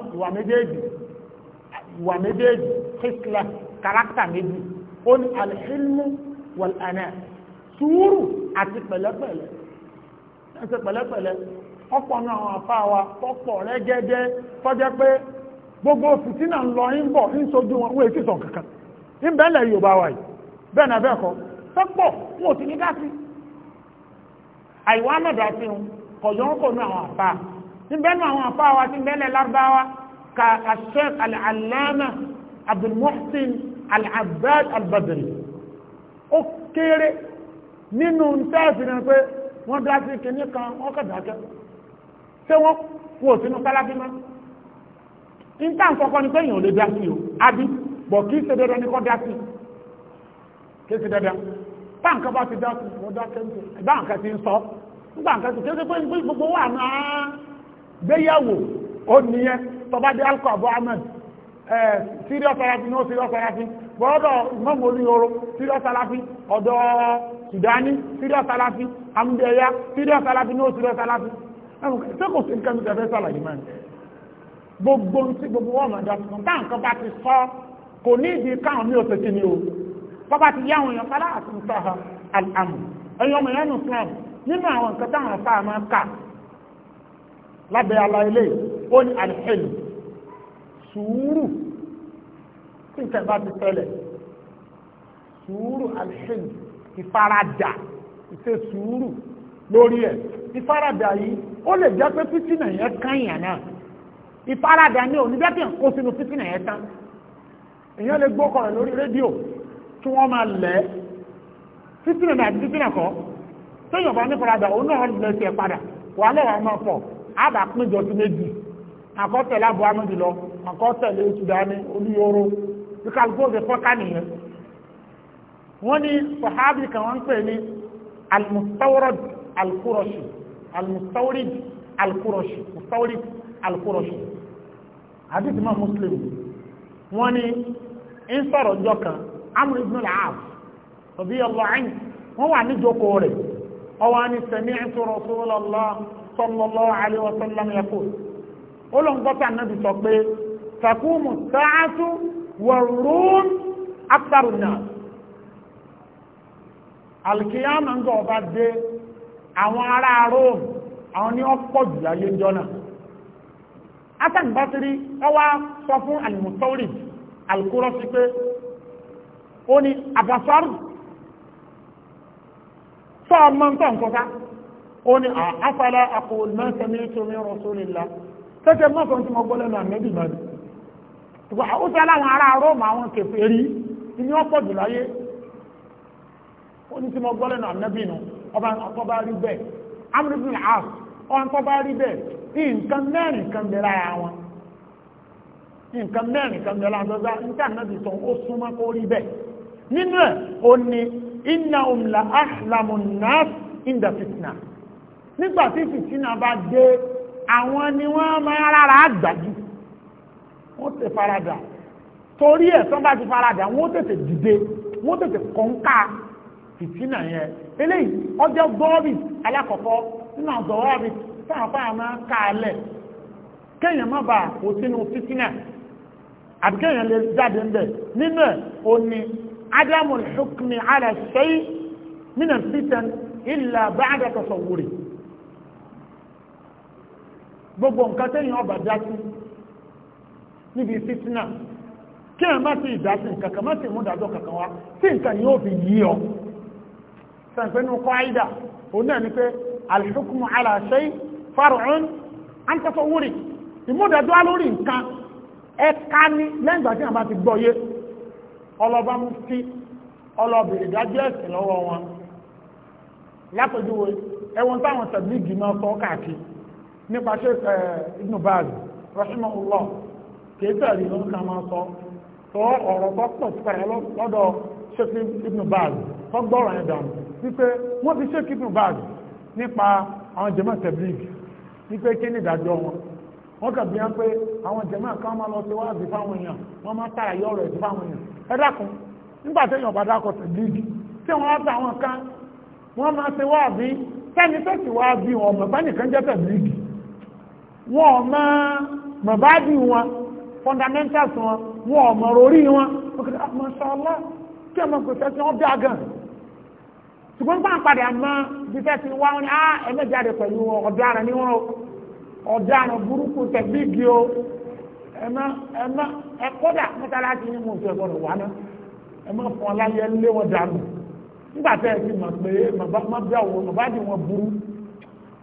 [SPEAKER 3] ọ̀pọ̀ náà àwọn àfá wa tọ́pọ̀ rẹ gẹ́gẹ́ tọ́jẹ́ pé gbogbo fìtínà ń lọ ń bọ̀ ń sojú wọn wọ́n èsì sọ kankan ń bẹ́lẹ̀ Yorùbá wa yìí bẹ́ẹ̀ náà bẹ́ẹ̀ kọ́ tọ́pọ̀ wọn ò ti ní dá sí àìwá náà dá sí wọn kọ̀yọ́ kéré nínú tẹ́ẹ̀sì rẹ̀ pé wọ́n dá sí kinní kan wọ́n ṣé wọ́n wò sínú sálábí mọ́ níta nkọ́kọ́ ni pé èèyàn lè dá sí o àbí bọ̀ kì í ṣe dandan ní kọ́ dá sí í ṣe bá ti dá sí wọ́n dá kẹ́ńtì báǹkà ti ń sọ báǹkà ti kéde pé gbogbo wà máa gbéyàwó ó nìyẹn tọ́ba dé alcohol bọ́ serious sẹ́kọ̀ọ́ sí nǹkan tó fẹ́ sàlàyé máa ń gbogbo tí gbogbo wọn máa dásùn náà táǹkan bá ti sọ kò ní ìdí káwọn mí ò ṣe kí ni o bọ́bá ti yá àwọn èèyàn fara àti ń sọ́ha àmù ẹ̀yìn ọmọ ìyá nù Islam nínú àwọn nǹkan táwọn afá máa ń kà lábẹ́ ala ilé ó ní alhẹ́lì sùúrù tí nǹkan bá ti tẹ́lẹ̀ sùúrù alhẹ́lì ìfaradà ìṣe sùúrù lórí ẹ̀ ìfaradà yìí ó lè jẹ́ pé fítínà yẹn kányàn náà ìfaradà ni òní jẹ́ kí n kó sínú fítínà yẹn tán èèyàn lè gbókọ̀ rẹ̀ lórí rédíò tí wọ́n máa lẹ̀ fítínà náà fítínà kọ́ téèyàn bá ní faradà òun náà lẹ̀ tiẹ̀ padà wà lọ́wọ́ ọmọ pọ̀ àbá péjọ sí méjì àkọ́tẹ̀lé abu amadi lọ àkọ́tẹ̀lé sudani olúyọrọ bí kálukú òde fọ́ká nìyẹn wọ́n ní al-mustawrid al-qurashi mustawrid al-qurashi hadith imam muslim wọ́n ní ń sọ̀rọ̀ ọjọ́ kan amr ibn al-aas radiyallahu anhu wọ́n wà ní jókòó rẹ̀ ọwọ́ ni sami'tu rasulullah sallallahu alaihi wa sallam yaqul olóńgbọ́tà náà sọ pé takumu sa'atu war-rum aktharun nas alkiyama ń gbọ́ ọba dé àwọn ará Rome àwọn ní ọ̀pọ̀ jù láyé ń jọ́nà Hasan Basiri ọwá sọ fún alimusori alukúrọ́sí pé ó ní abasọ́rù sọ ọmọ nǹkan kọta ó ní ah, afala aqul ma sami'tu min rasulillah tẹ́tẹ́ mọ́sán tí mo gbọ́ lẹ́nu àmẹ́bì mọ́ni ṣùgbọ́n ó sọ láwọn ará Róòmù àwọn kèfèrí ní ọ̀pọ̀ jù láyé ó ní tí mo gbọ́ lẹ́nu àmẹ́bì náà ọba rí bẹ́ẹ̀ amúlù bin as ọ̀n tó bá rí bẹ́ẹ̀ nǹkan mẹ́rin kan bẹ lára wọn nǹkan mẹ́rin kan bẹ lára wọn tó nǹkan náà ti sọ ó súnmọ́ kó rí bẹ́ẹ̀ nínú ẹ̀ ó ní iná òmìnira ahlamu nas inda fitna nígbà tí fìtínà bá dé àwọn ni wọ́n máa rárá àgbàjú wọ́n ti faradà torí ẹ̀ tán bá ti faradà wọ́n tètè dìde wọ́n tètè kọ́ńká fìtínà yẹn eléyìí ọjọ́ gbọ́ọ̀bì alákọ̀ọ́kọ́ nínú àgbọ̀wọ́bì sáàpá máa káàlẹ̀ kéèyàn má bàa kó sínú fìtínà àti kéèyàn lè jáde ńbẹ̀ nínú ẹ̀ ó ní ádámù hukmi ala shay min al-fitan illa ba'da tasawwuri gbogbo nǹkan téèyàn ọba dá sí níbi fìtínà kéèyàn má ti ìdásí nǹkan kan má ti mú dájọ́ kankan wá tí nǹkan yóò fi yí ọ sàǹpẹ́nu kọ́ìdà òun náà ni pé alìhùkùnmù aláṣẹ́ far'un an tasawwuri ìmúdàdúrà lórí nǹkan ẹ̀ka ní lẹ́gbàá tí a bá ti gbọ́yé ọlọ́ba mufti ọlọ́bìnrin ìdájọ́ ẹ̀sìn lọ́wọ́ wọn lápẹjúwe ẹwọn táwọn tàbílìgì máa sọ káàkiri nípa ṣe ẹ eh, Ibn Baz rahimahullah kéèkà rí ló ń ká máa sọ tó ọ̀rọ̀ tó pọ̀ sí pẹ̀lú lọ́dọ̀ ṣe Ibn Baz tó gbọ́rọ̀ ẹ̀ wípé wọ́n fi ṣe kíkùn báàgì nípa àwọn jẹ́mọ̀ tẹ̀blíìgì wípé kí ní ìdájọ́ wọn wọ́n kàbí yán pé àwọn jẹ́mọ̀ kan máa lọ sí wáàzì fáwọn èèyàn wọ́n máa tààrà yọ ọ̀rọ̀ ẹ̀sìn fáwọn èèyàn ẹ dákun nígbà tí èèyàn bá dákọ̀ tẹ̀blíìgì tí wọ́n á ta àwọn kan wọ́n máa ṣe wáàzì sẹ́ni tó sì wáàzì wọn ọmọ ìbánìkan jẹ́ tẹ̀blíìgì wọn ọmọ mọ̀bádì wọn fundamentals wọn wọn ọmọ orí wọn ó kì í ṣe àmọ́ ṣọlá kí ọmọ kò sẹ́sẹ́ wọn bí agan ṣùgbọ́n gbọ́n padà mọ bí fẹ́ ti wá ah, wọn á ẹlẹ́jáde pẹ̀lú ọ̀daràn ni wọn ọ̀daràn burúkú tẹ̀gbígi o ẹ̀mọ́ ẹ̀mọ́ ẹ̀kọ́dà mọ́sálásí ni mo fẹ́ gbọ́dọ̀ wá náà ẹ̀mọ́ fún ọ láyé lé wọn dànù nígbà tẹ́ ẹ ti mọ̀ pé bí bá di wọn burú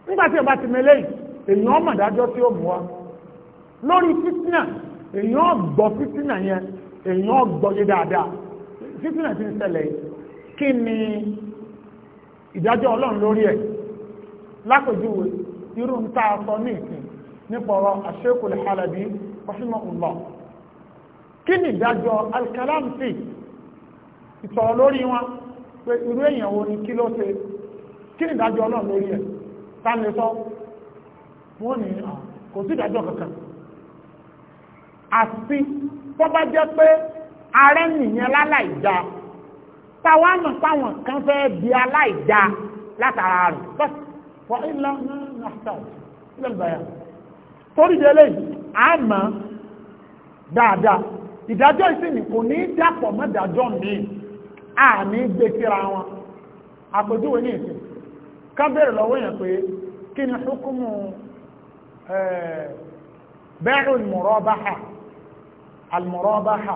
[SPEAKER 3] nígbà tí ti fitina èèyàn gbọ́ fitina yẹn èèyàn gbọ́ yé dáadáa fitina ti ń ṣẹlẹ̀ kí ni ìdájọ́ ọlọ́run lórí ẹ̀ lápòjúwe irú ń tá a sọ ní ìsìn nípa ọ̀rọ̀ Sheikhul Halabi rahimahullah kí ni ìdájọ́ alkalamsi ìtọ̀rọ̀ lórí wọn pé irú èèyàn wo ni kí ló ṣe kí ni ìdájọ́ ọlọ́run lórí ẹ̀ tá lè sọ wọ́n ní kò sí ìdájọ́ kankan àti tó bá jẹ́ pé arẹ́ nìyẹn láláì dáa táwa mọ̀ páwọn kan fẹ́ di aláìda látara rẹ̀ bẹ́ẹ̀ fọ ilá ilẹ̀ ìbáyà torí délé àmọ́ dáadáa ìdájọ́ ìsìnì kò ní dàpọ̀ mọ́ dájọ́ míì àmì gbé síra wọn àpèjúwe ní ìsìn ká bèèrè lọ́wọ́ èèyàn pé kí ni hukumu eh, bẹ́ẹ̀rù al-murabaha al-murabaha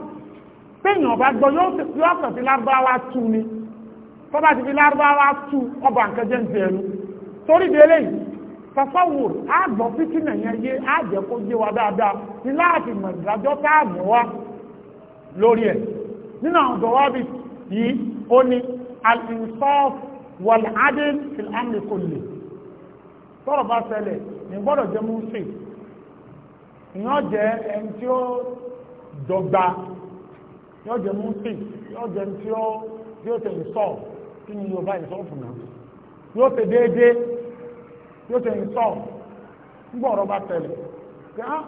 [SPEAKER 3] téèyàn bá gbọ́ yóò kàn sí lárúbáwá tú ni tọ́ba ti fi lárúbáwá tú ọba nǹkan jẹ́ ń ti ẹnu torí délé yìí tọ́sọ́wò àgbọ̀ fítínà yẹn yé àjẹ́ kó yé wa dáadáa ní láti mọ̀ ìdájọ́ tá a mọ̀ wá lórí ẹ̀ nínú àwọn dọ̀wọ́bì yìí ó ní al-insaf wal-adl fil-amri kulli tọ́rọ̀ bá ṣẹlẹ̀ ní gbọ́dọ̀ jẹ́ mú sí ìyàn ẹni tí ó dọ́gba yóò jẹ múntì yóò jẹ tí ó yóò tẹ ìsọ kí ni yorùbá ìsọ fún náà yóò tẹ déédé yóò tẹ ìsọ nígbà ọ̀rọ̀ bá tẹ̀lé pé á ah,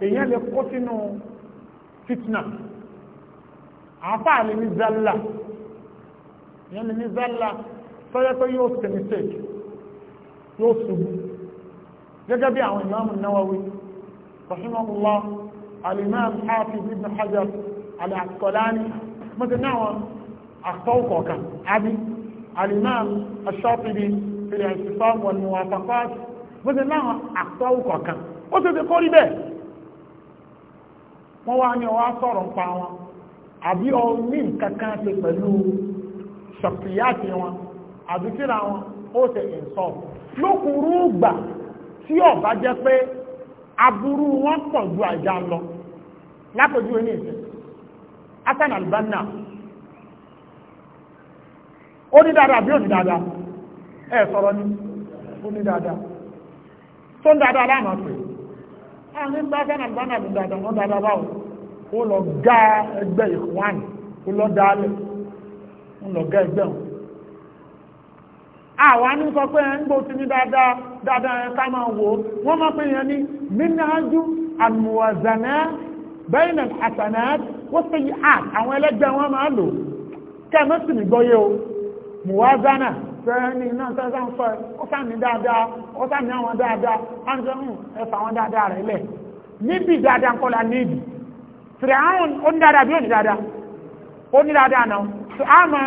[SPEAKER 3] èèyàn lè kó sínú fitna àáfàá lè ní zálà èèyàn lè ní zálà sọ́yẹ́ pé yóò tẹ̀ mistake yóò ṣubú gẹ́gẹ́ bí àwọn ìmáàmù Nawawi rahimahullah al-imam Hafiz ibn Hajar alàkọ̀láni mọ́tí náà wọn àkọ́kọ̀ọ̀kan àbí alìmáàmù aṣọ́fìdì ilẹ̀ ìsìfọ́m wọn ni wọn pàpáàtì mọ́tí náà wọn àkọ́kọ̀ọ̀kan ó ti ti kó rí bẹ́ẹ̀ wọ́n wá ní ọwá sọ̀rọ̀ ń pa wọn àbí ọ ní nǹkan kan ṣe pẹ̀lú ṣọ̀pìyàtì wọn àbí síra wọn ó ṣe ìsọ̀ lókùrú gbà tí ọ̀bá jẹ́ pé aburú wọn pọ̀ ju àjà lọ lápòjú oníṣẹ́ Hasan al-Banna ó ní dáadáa bí ó ní dáadáa ẹ sọ̀rọ̀ ní ó ní dáadáa tó ń dáadáa láàmà pé àwọn bá Hasan al-Banna ló dáadáa wọ́n dáadáa báwo ó lọ gá ẹgbẹ́ ìwáàní ó lọ dáálẹ̀ ó lọ gá ẹgbẹ́ wọn àwa ní sọ pé ń gbó ti ní dáadáa dáadáa ẹ ká máa wò ó wọ́n máa pè yẹn ní minhaju al-muwazanat bayna wọ́n sọ yìí à ah, àwọn ẹlẹ́gbẹ́ wọn máa lò kẹ́ẹ̀mọ́ sì nìgbọ́yé o mùwázánà fẹ́ẹ́ni náà sẹ́sẹ́ fẹ́ ó sàmì dáadáa ó sàmì àwọn dáadáa á ń sẹ́hùn hmm, ẹ̀fà dáadáa rẹ̀ lẹ̀ níbi dáadáa ń kọ́lá níbi a mọ̀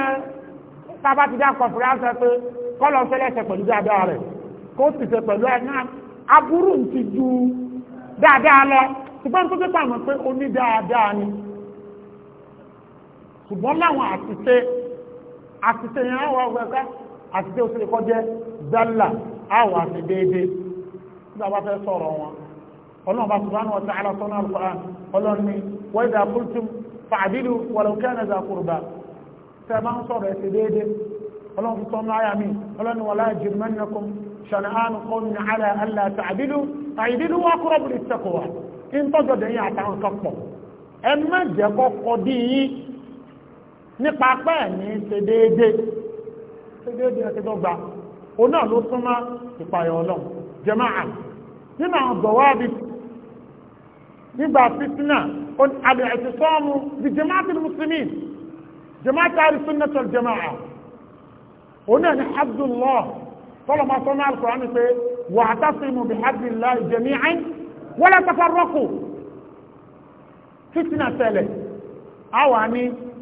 [SPEAKER 3] sábà dáadáa si aburu náà ti ṣùgbọ́n láwọn àṣìṣe àṣìṣe yẹn àwọn ọgbẹ́ká àṣìṣe òṣèré kọ́ jẹ́ zálà àwọn àṣì déédéé tí a bá fẹ́ sọ̀rọ̀ wọn ọlọ́run bá subhanahu wa ta'ala sọ́nà al-Qur'an ọlọ́run ni wa idha qultum fa'dilu walau kana dha qurba tẹ́ bá ń sọ̀rọ̀ ẹ̀sì déédéé ọlọ́run fi sọ́nà ayà mi ọlọ́run wala yajrimannakum shana'anu nípa pẹ́ ní ṣe déédé ṣe déédé ẹ̀ṣẹ́ tó gba o náà ló súnmọ́ ìpààyàn ọlọ́run jẹmáà nínú àwọn gọ̀wáàbí nígbà fífínà àbẹ̀ ẹ̀ṣẹ́ sọ́ọ̀mù di jẹmáàtì mùsùlùmí jẹmáàtì àrísùn nẹ́tọ̀ jẹmáà o náà ní abdullah tọ́lọ̀ máa sọ́nà alukọ̀rán pé wà á tásìmù bí abdullah jẹmíàn wọ́n lẹ́ tẹ́fà rọ́kù fífínà tẹ̀lẹ̀ àwọn ní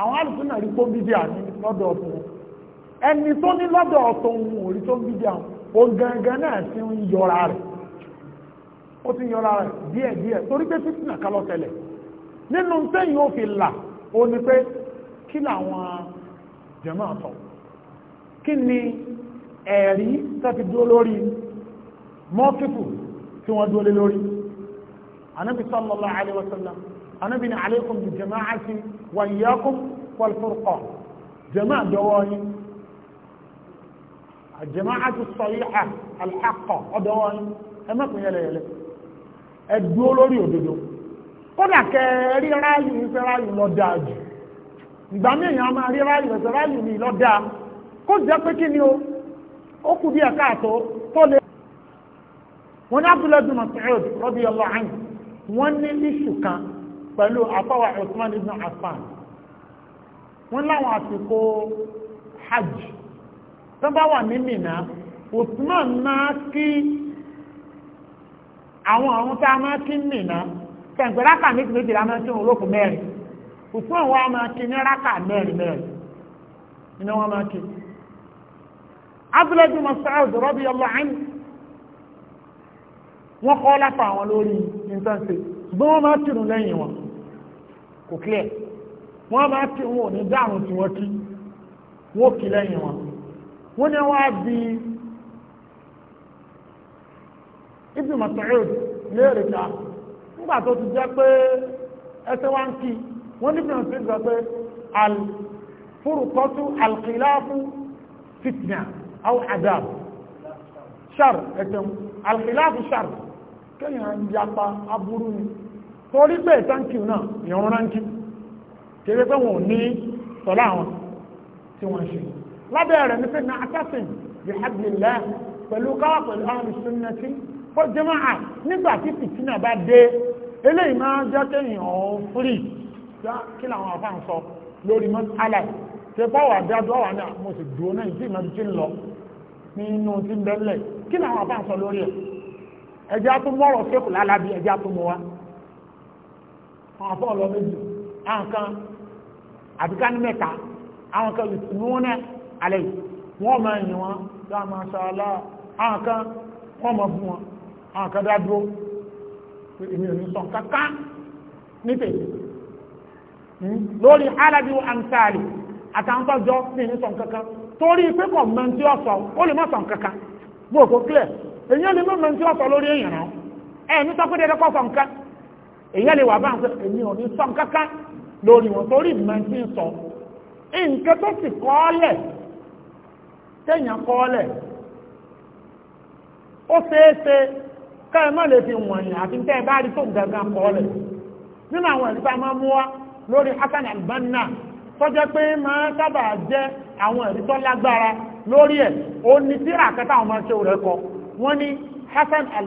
[SPEAKER 3] àwọn alùpùpù náà rí tó ń bídí àní lọ́dọ̀ ọ̀tún ẹni tó ní lọ́dọ̀ ọ̀tún òun ò rí tó ń bídí àwọn òun gangan náà ti ń yọra rẹ̀ ó ti ń yọra rẹ̀ díẹ̀ díẹ̀ torí pé títí náà kálọ̀ tẹ̀lẹ̀ nínú sẹ́yìn ó fi là ó ní pé kí làwọn jẹ̀mọ́ àtọ̀ kí ni ẹ̀rí tẹ́fi dúró lórí mọ́tífù tí wọ́n dúró lórí Ànábì sallallahu alaihi wasallam anábì ní alaykum bi jama'ati wa iyyakum wal furqa jama'a dọwọ́ yín jama'atu as-sahiha al-haqqa ọdọwọ́ yín ẹ má pín yẹlẹyẹlẹ ẹ dúró lórí òdodo kódà kẹ rí ráàyù ìfẹ́ ráàyù lọ dáa jù ìgbà mí èèyàn máa rí ráàyù ìfẹ́ ráàyù mi ni o ó kù díẹ̀ káàtó tó lè. wọ́n ní Abdullahi kan pẹ̀lú afọ́wà Usman ibn Affan wọ́n láwọn àsìkò hajj tó bá wà ní kí àwọn a máa kí Mínà tẹ̀gbẹ́ rákà méjì méjì la máa kí òun mẹ́rin Usman wa máa kí ní rákà mẹ́rin mẹ́rin iná wọn máa kí Abdullahi Mas'ud radiyallahu anhu wọ́n kọ́ lápá àwọn lórí intanse wọ́n máa lẹ́yìn kò clear wọ́n máa kí wọn ò ní dáhùn tí wọ́n kí wọ́n kí lẹ́yìn wọn wọ́n ní wọ́n á bí Ibn Mas'ud léèrè ta nígbà tó ti jẹ́ pé ẹsẹ̀ wá ń kí wọ́n ní Ibn Mas'ud sọ pé al-furqatu fitna aw adab shar ẹ̀tẹ̀m al-khilafu kéèyàn ń yapa aburú ni torí pé tánkìú náà ìrún ránkì kéré pé wọn ò ní sọ́lá àwọn tí wọ́n ṣe lábẹ́ rẹ̀ ní pé na assassin bí hablillah pẹ̀lú káwà pẹ̀lú ahlu sunnati fọ́ jama'a nígbà tí fìtínà bá dé eléyìí máa jẹ́ kéèyàn ọ̀hún fúrì kí làwọn afá ń sọ lórí mọ́sálà ṣe báwà dájú àwọn náà mo sì dúró náà tí ìmọ̀ tí ń lọ nínú tí ń bẹ́lẹ̀ kí làwọn afá ń sọ lórí ẹ̀ ẹjá tó mọ́rọ̀ sékù lálábí ẹjá tó mọ́ wa àfọ́ ọ̀lọ́ méjì àwọn kan àbíká ní mẹ́ta àwọn kan ìsinmi wọn náà alẹ́ yìí wọ́n máa yìn wọn láà máa ṣàlá àwọn kan wọ́n máa fún wọn àwọn kan dádúró èmi ò ní sọ kankan nítẹ̀ hmm? lórí alábí àǹtàlì àtàwọn tọ́jọ́ ní ní sọ kankan torí pé kò mọ tí ó sọ ó lè má sọ kankan bó o kò kílẹ̀ èyí ó lè má mọ tí ó lórí èèyàn náà ẹ̀ ní sọ pé dẹ́dẹ́ nǹkan èyí lè wà bá ń sọ èmi ò ní sọ kankan lórí wọn torí mẹ́tí ń sọ nǹkan tó sì kọ́ọ́lẹ̀ téèyàn kọ́ọ́lẹ̀ ó ṣeéṣe ká ẹ má lè fi wọ̀nyí àti tẹ́ ẹ bá rí tó gangan kọ́ọ́lẹ̀ nínú àwọn ẹ̀rí tá a máa mú wá lórí Hasan al tó jẹ́ pé máa sábà jẹ́ àwọn ẹ̀rí tó lágbára lórí ẹ̀ ó ní tíra kẹta ọmọ ṣe rẹ̀ kọ wọ́n ní Hasan al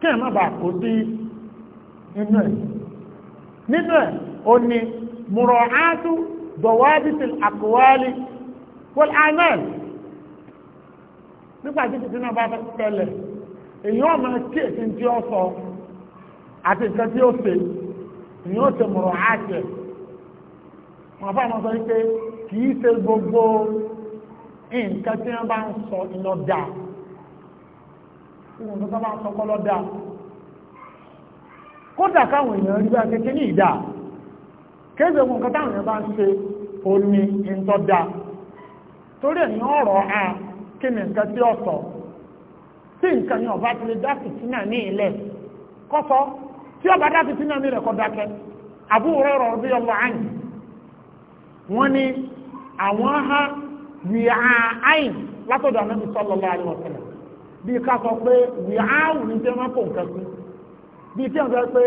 [SPEAKER 3] kí ẹ̀ má bàa kó sí inú ẹ̀ nínú ẹ̀ ó ní mùrọ̀hátú dọ̀wábìtì àkọwálì wọ́n amen nígbàtí títí náà bá tẹ́lẹ̀ èyàn ọmọ kí èsì tí ó sọ àti nǹkan tí ó ṣe èyàn ó ṣe mùrọ̀hátì ẹ̀ wọ́n fà mọ́ sọ wípé kì í ṣe gbogbo nǹkan tí wọ́n bá ń sọ iná dáa nínú tó bá sọ kọ́lọ́ dáa kódà káwọn èèyàn rí bá ní ìdá wọn kan táwọn bá ń omi ìtọ́ torí ẹ̀yìn ọ̀rọ̀ a kí ni nǹkan tí ọ̀sọ̀ tí nǹkan ọba ti lè dá fìtínà ní ilẹ̀ kọ́sọ́ tí ọba dá fìtínà ní dákẹ́ bí àyìn wọ́n ní àwọn ha bí ká sọ pé wíháwù ní tí wọ́n kò nǹkan sí bí tí wọ́n sọ pé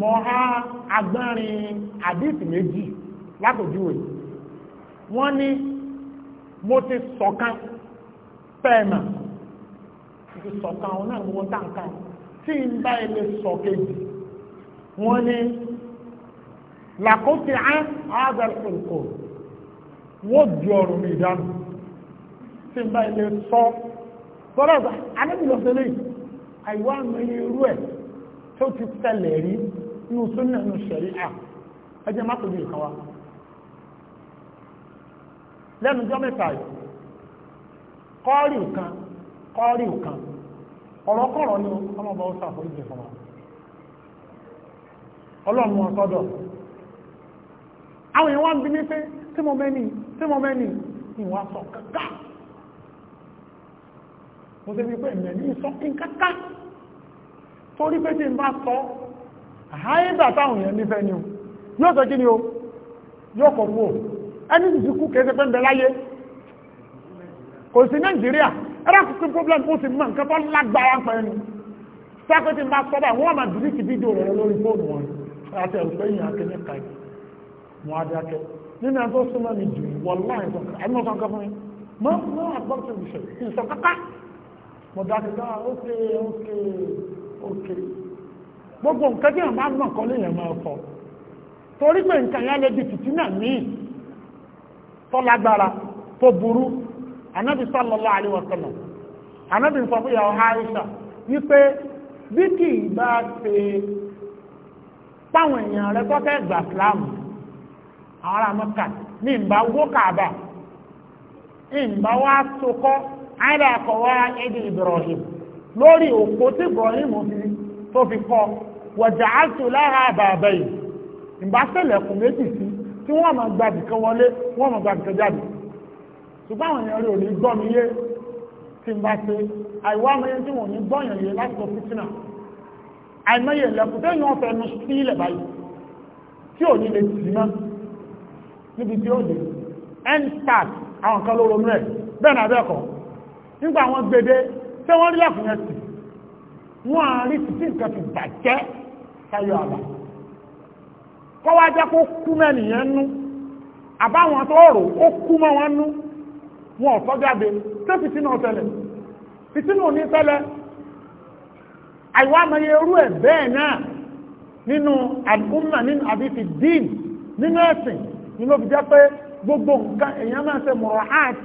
[SPEAKER 3] mọ̀ á agbẹ́rin àdìsí méjì látòjúwe wọ́n ní mo ti sọ̀kan pẹ́ẹ̀mà ti sọ̀kan ọ̀nà ìwọ̀n táǹkà tí ń bá ilé sọ̀kejì wọ́n ní làkókè á ágbẹ̀rẹ̀kọ̀ọ̀kọ̀ wọ́n di ọ̀rùn mi ìdánù tí ń bá ilé sọ̀kejì tọ́lá ọ̀gbà anábìlọ́sẹ̀lẹ̀ àìwá àmì irú ẹ̀ tó ti tẹ̀lẹ̀ rí inú súnà inú ṣẹ̀rí à ẹjẹ́ má tóbi ìkan wa lẹ́nu jọ mẹ́ta yìí ní pé tí mo mẹ́ni tí mo mẹ́ni mo ṣe fi pé ìmẹ̀ ní ìsọ́kín káká torí pé tí n bá sọ àìdà táwọn èèyàn nífẹ̀ẹ́ ni o yóò sọ kí ni o yóò kọ̀ wò ẹni sì kú kẹsẹ̀ pé ń bẹ láyé kò sí nàìjíríà ẹ̀rọ kúkú problem ó sì mọ nǹkan tó lágbára ń pẹ́ẹ́nu sáfẹ́ tí n bá sọ́dọ̀ wọ́n máa dìrí ti fídíò rẹ̀ lórí fóònù wọn àti ẹ̀rù pé èèyàn akẹ́ nípa ẹ̀ mọ́ adákẹ́ nínú ẹni tó súnmọ́ mi jù wọ́n láì sọ̀kà ẹ̀mọ́ sọ̀kà fún mi mọ́ àgbọ̀tò ìṣẹ̀lẹ̀ ìṣọ̀kàkà mo dá ókè ókè gbogbo nǹkan tí àmà mọ̀ kọ́ léèyàn máa sọ torí pé nǹkan yẹn lè di fìtínà míì tó lágbára tó burú anábì sallallahu alaihi anábì sọ ọha ìyàwó wípé bí kì í bá ṣe páwọn èèyàn rẹ kọ́kẹ́ gbà fúlàmù àwọn ará ní alákọ̀wá ẹ̀dì Ibrahim lórí òpó tí Ibrahim fi tó fi kọ́ wọ̀jà áṣù lára àbàbẹ̀ yìí ìbásẹ̀lẹ̀kùn méjì sí tí wọ́n máa gba bìkan wọlé wọ́n máa gba bìkan jáde ṣùgbọ́n àwọn èèyàn rẹ̀ ò ní gbọ́ mi yé tí n bá ṣe àìwá mẹ́yẹ tí wọ́n ní gbọ́yàn yé láti lọ fìtínà àìmọye ìlẹ̀kùn tó yàn fẹnu sí ilẹ̀ báyìí tí ò ní lè tì mọ́ níbi tí ó dé end start àwọn kan ló ronú ẹ̀ bẹ́ẹ̀ náà bẹ́ẹ̀ kọ́ nígbà wọn gbede tí wọ́n rí ẹ̀kùn ẹ̀sì wọ́n á rí títí nǹkan ti bàjẹ́ sáyọ àbá kọ́ wá jẹ́ kó kú mẹ́nìyàn nú àbáwọn tó rò ó kú mọ́ wọn nú wọn ò tọ́jáde tó fìtínà ọ̀tẹ̀lẹ̀ fìtínà ò ní tẹ́lẹ̀ àìwá mẹ́yẹ irú ẹ̀ bẹ́ẹ̀ náà nínú àdúgbò nínú gbogbo nǹkan èèyàn máa se mọ̀rọ̀ áàtì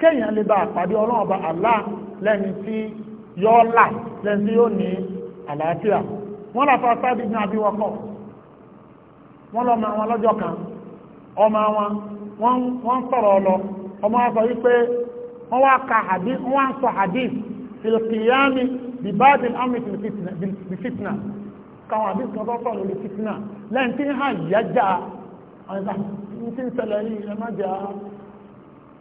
[SPEAKER 3] kéèyàn lè bá àpàdé ọlọ́run ọba àlá lẹ́ni tí yọ́ là lẹ́ni tí yóò ní àlàáfíà wọ́n lọ́pàá sáàbì ní àbí wọ́kọ̀ wọ́n lọ́mọ àwọn lọ́jọ́ kan ọmọ wọn wọ́n ń sọ̀rọ̀ ọlọ ọmọ wọn sọ wípé wọ́n wá ka hadith wọ́n wá ń sọ hadith filkiyami bibadi amrit bilfitna káwọn kan tó lórí fitna tí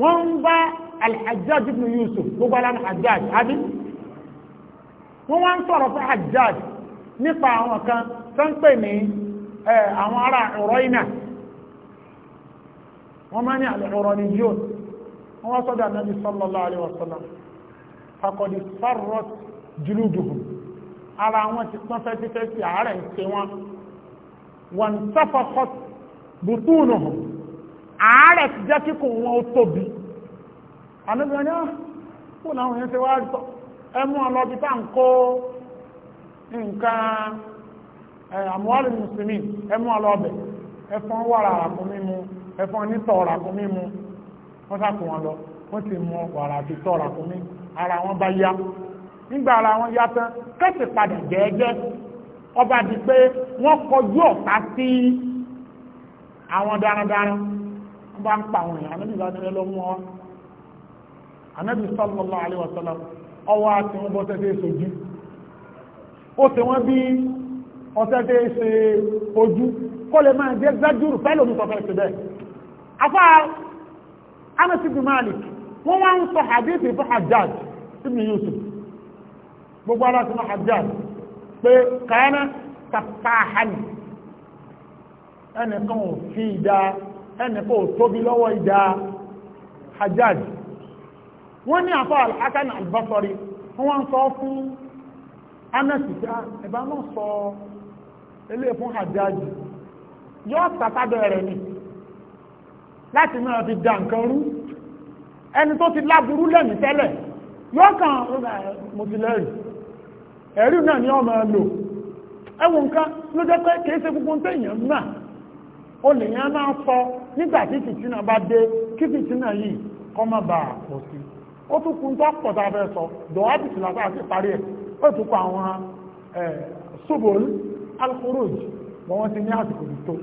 [SPEAKER 3] wọ́n ń bá alhajjaj ibn yusuf gbogbo alámi hajjaj àbí wọ́n wá ń sọ̀rọ̀ fún hajjaj nípa àwọn kan tó ń pè ní àwọn ará ọ̀rọ̀ iná wọ́n máa ní àlẹ́ọ̀rọ̀ ni yóò wọ́n wá sọ́dọ̀ ànábì sallallahu ara wọn ti pọ́n fẹ́sífẹ́sí àárẹ̀ ń wọn wọ́n bùtúùnù àárẹ̀ ti jẹ́ kíkùn wọn ó tóbi àníbìnrin náà ah, kò láwọn èèyàn ṣe wá rí ẹ ọ lọ́bi tá à ń kó nǹkan àmúhálì mùsùlùmí ẹ ọ lọ́bẹ̀ wàrà mímu ẹfọn nítọ̀ mímu wọ́n wọn lọ wọ́n wàrà àti ara wọn bá yá ara wọn yá tán kẹ́sì padà jẹ́ẹ́jẹ́ ọba di pé wọ́n kọjú ọ̀tá sí àwọn darandaran bá ń pa àwọn èèyàn anábì bá nílẹ̀ ló mú ọ anábì sallallahu alaihi wasallam ọwọ́ àti wọn bọ́tẹ́ tẹ́ sojú ó tẹ wọ́n bí ọtẹ́ tẹ́ ṣe ojú kó lè máa jẹ́ gbájúrù pẹ́lú omi sọfẹ́ ṣe bẹ́ẹ̀ afá Anas ibn Malik wọ́n wá ò fi dáa ẹnìkó tóbi lọ́wọ́ ìjà hajjaj wọ́n ní àfọ́ alhakan albasori wọ́n sọ fún anẹ́sìká ah, ẹ̀bá náà sọ ilé fún hajjaj yóò sàtàbẹ̀ rẹ̀ ni láti mẹ́rin fi dá nǹkan rú ẹni tó ti láburú lẹ́mìí tẹ́lẹ̀ yóò kàn mo ti lẹ́rìí ẹ̀rí náà ni ọmọ ẹ̀ lò ẹwùn nǹkan ló jẹ́ pé kìí ṣe gbogbo tẹ́yàn náà olèyàn máa sọ nígbà tí fìtínà bá dé kí fìtínà yìí kọ́ má bà á pọ̀ sí ó tún kún tó pọ̀ tá a fẹ́ sọ dọ̀wádìí sì látà sí parí ẹ̀ ó tún kọ àwọn ṣubol alkhuruj wọn wọ́n ti ní àsìkò tó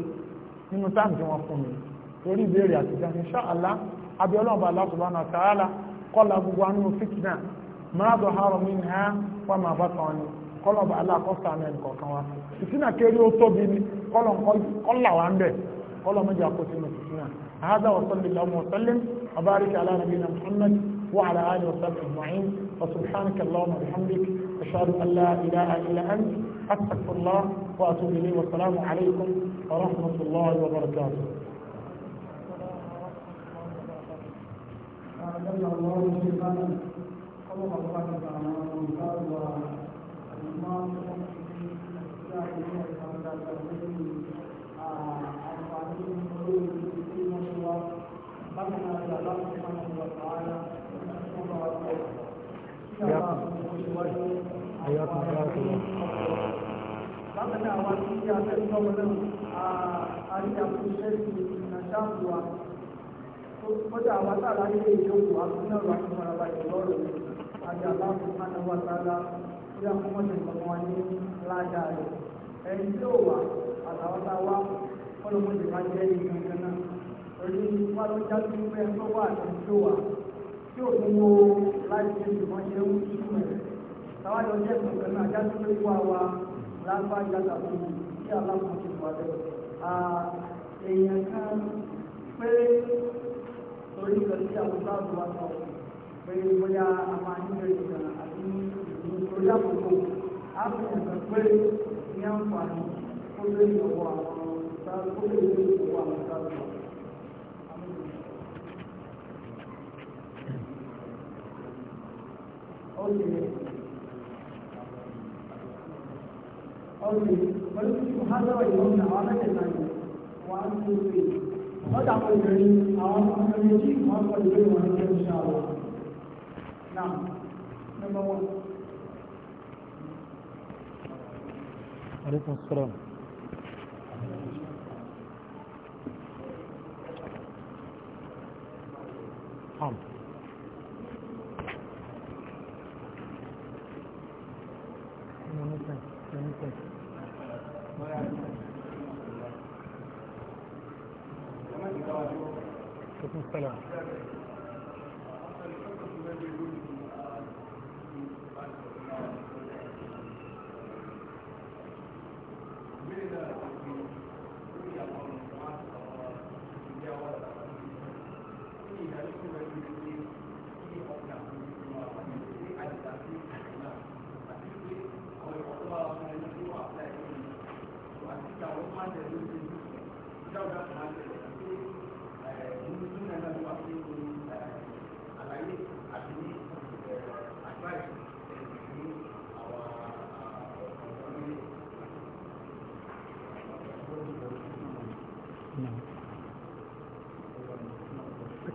[SPEAKER 3] nínú táàmù tí wọ́n fún mi torí ìbéèrè àtijọ́ insha Allah abiyọ́lọ́ọ̀bà Allah subhanahu wa ta'ala kọ́lá gbogbo anú fìtínà máa dọ̀ ha rọ̀ mí ní ha wọ́n máa bá kan ni kọ́lọ́ọ̀bà aláàkọ́sà ní ẹnì kọ̀ọ̀kan wa ìtínà kéré ó tóbi ni kọ́lọ̀ kọ́lá wa ń bẹ̀ kọ́lọ̀ mẹ́jọ àkóso ní ìsinmi هذا وصلى اللهم وسلم وبارك على نبينا محمد وعلى اله وصحبه اجمعين وسبحانك اللهم وبحمدك اشهد ان لا اله الا انت استغفر الله واتوب اليه والسلام عليكم ورحمه الله وبركاته
[SPEAKER 1] الله سبحانه وتعالى حياكم الله Bákan náà wá sí akẹ́kọ̀ọ́ náà, àríyá fún iṣẹ́ ìrìnà ṣáàbùwà. Kọjá àwọn tààrà ilé ìjókòó àtúnná ọ̀rọ̀ àti ìmọ̀ràn ìlọ́rọ̀ àti àbá fún Anáwà Tààlà, ó yà fún mọ́tò ìgbọ̀ngàn wa ní ládàá rẹ̀ ẹni tí ó wà àtàwọn tá a wá ọlọ́mọdé wá jẹ́ ní kankan náà orí wá ló já sí pé ẹni tó wà àti ẹni tó wà tí ò tún wo láti ṣe ìmọ̀ ṣe ń tú rẹ̀ táwọn yóò jẹ́ kankan náà já sí pé wá wa lápá yàtà fún mi kí aláwọ̀ ti wà lẹ̀ èèyàn kan pé torí ìgbàlú tí àwọn bá wà sọ pé bóyá a máa ń yẹ ìgbà àti ìlú orí àkókò á fi ẹ̀sán pé ní àǹfààní ó lé ìyọ̀wọ̀ àwọn ọ̀sán ó lé ìyọ̀wọ̀ àwọn ọ̀sán ọ̀sẹ̀ ọ̀sẹ̀ pẹ̀lú ìhádọ́rọ̀ ìwọ̀n àwọn mẹ́tẹ̀ẹ̀ta yìí wọ́n á ń tó pé wọ́n dàpọ̀ ìrìn àwọn ọmọ méjì wọ́n kọ́ ìwé wọn ní ẹ̀ṣọ́ náà number one عليكم السلام نعم السلام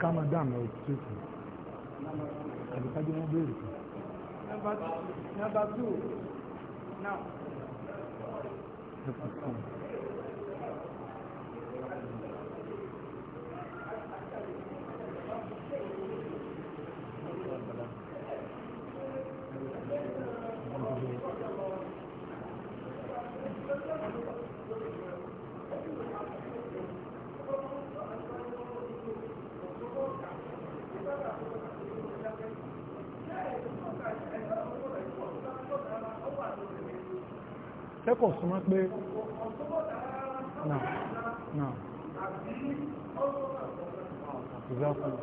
[SPEAKER 3] ká máa dáàmú ẹ̀ tó
[SPEAKER 1] àbíkájú wọn béèrè kan. number two now.
[SPEAKER 3] tẹ́kọ̀ súnmọ́ pé náà náà ìzákùn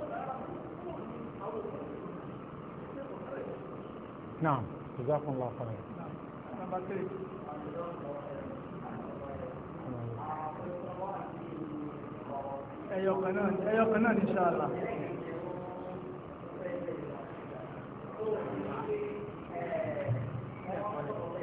[SPEAKER 3] náà ìzákùn láfàá
[SPEAKER 1] ẹyọkan náà ní ṣáàlá Thank you.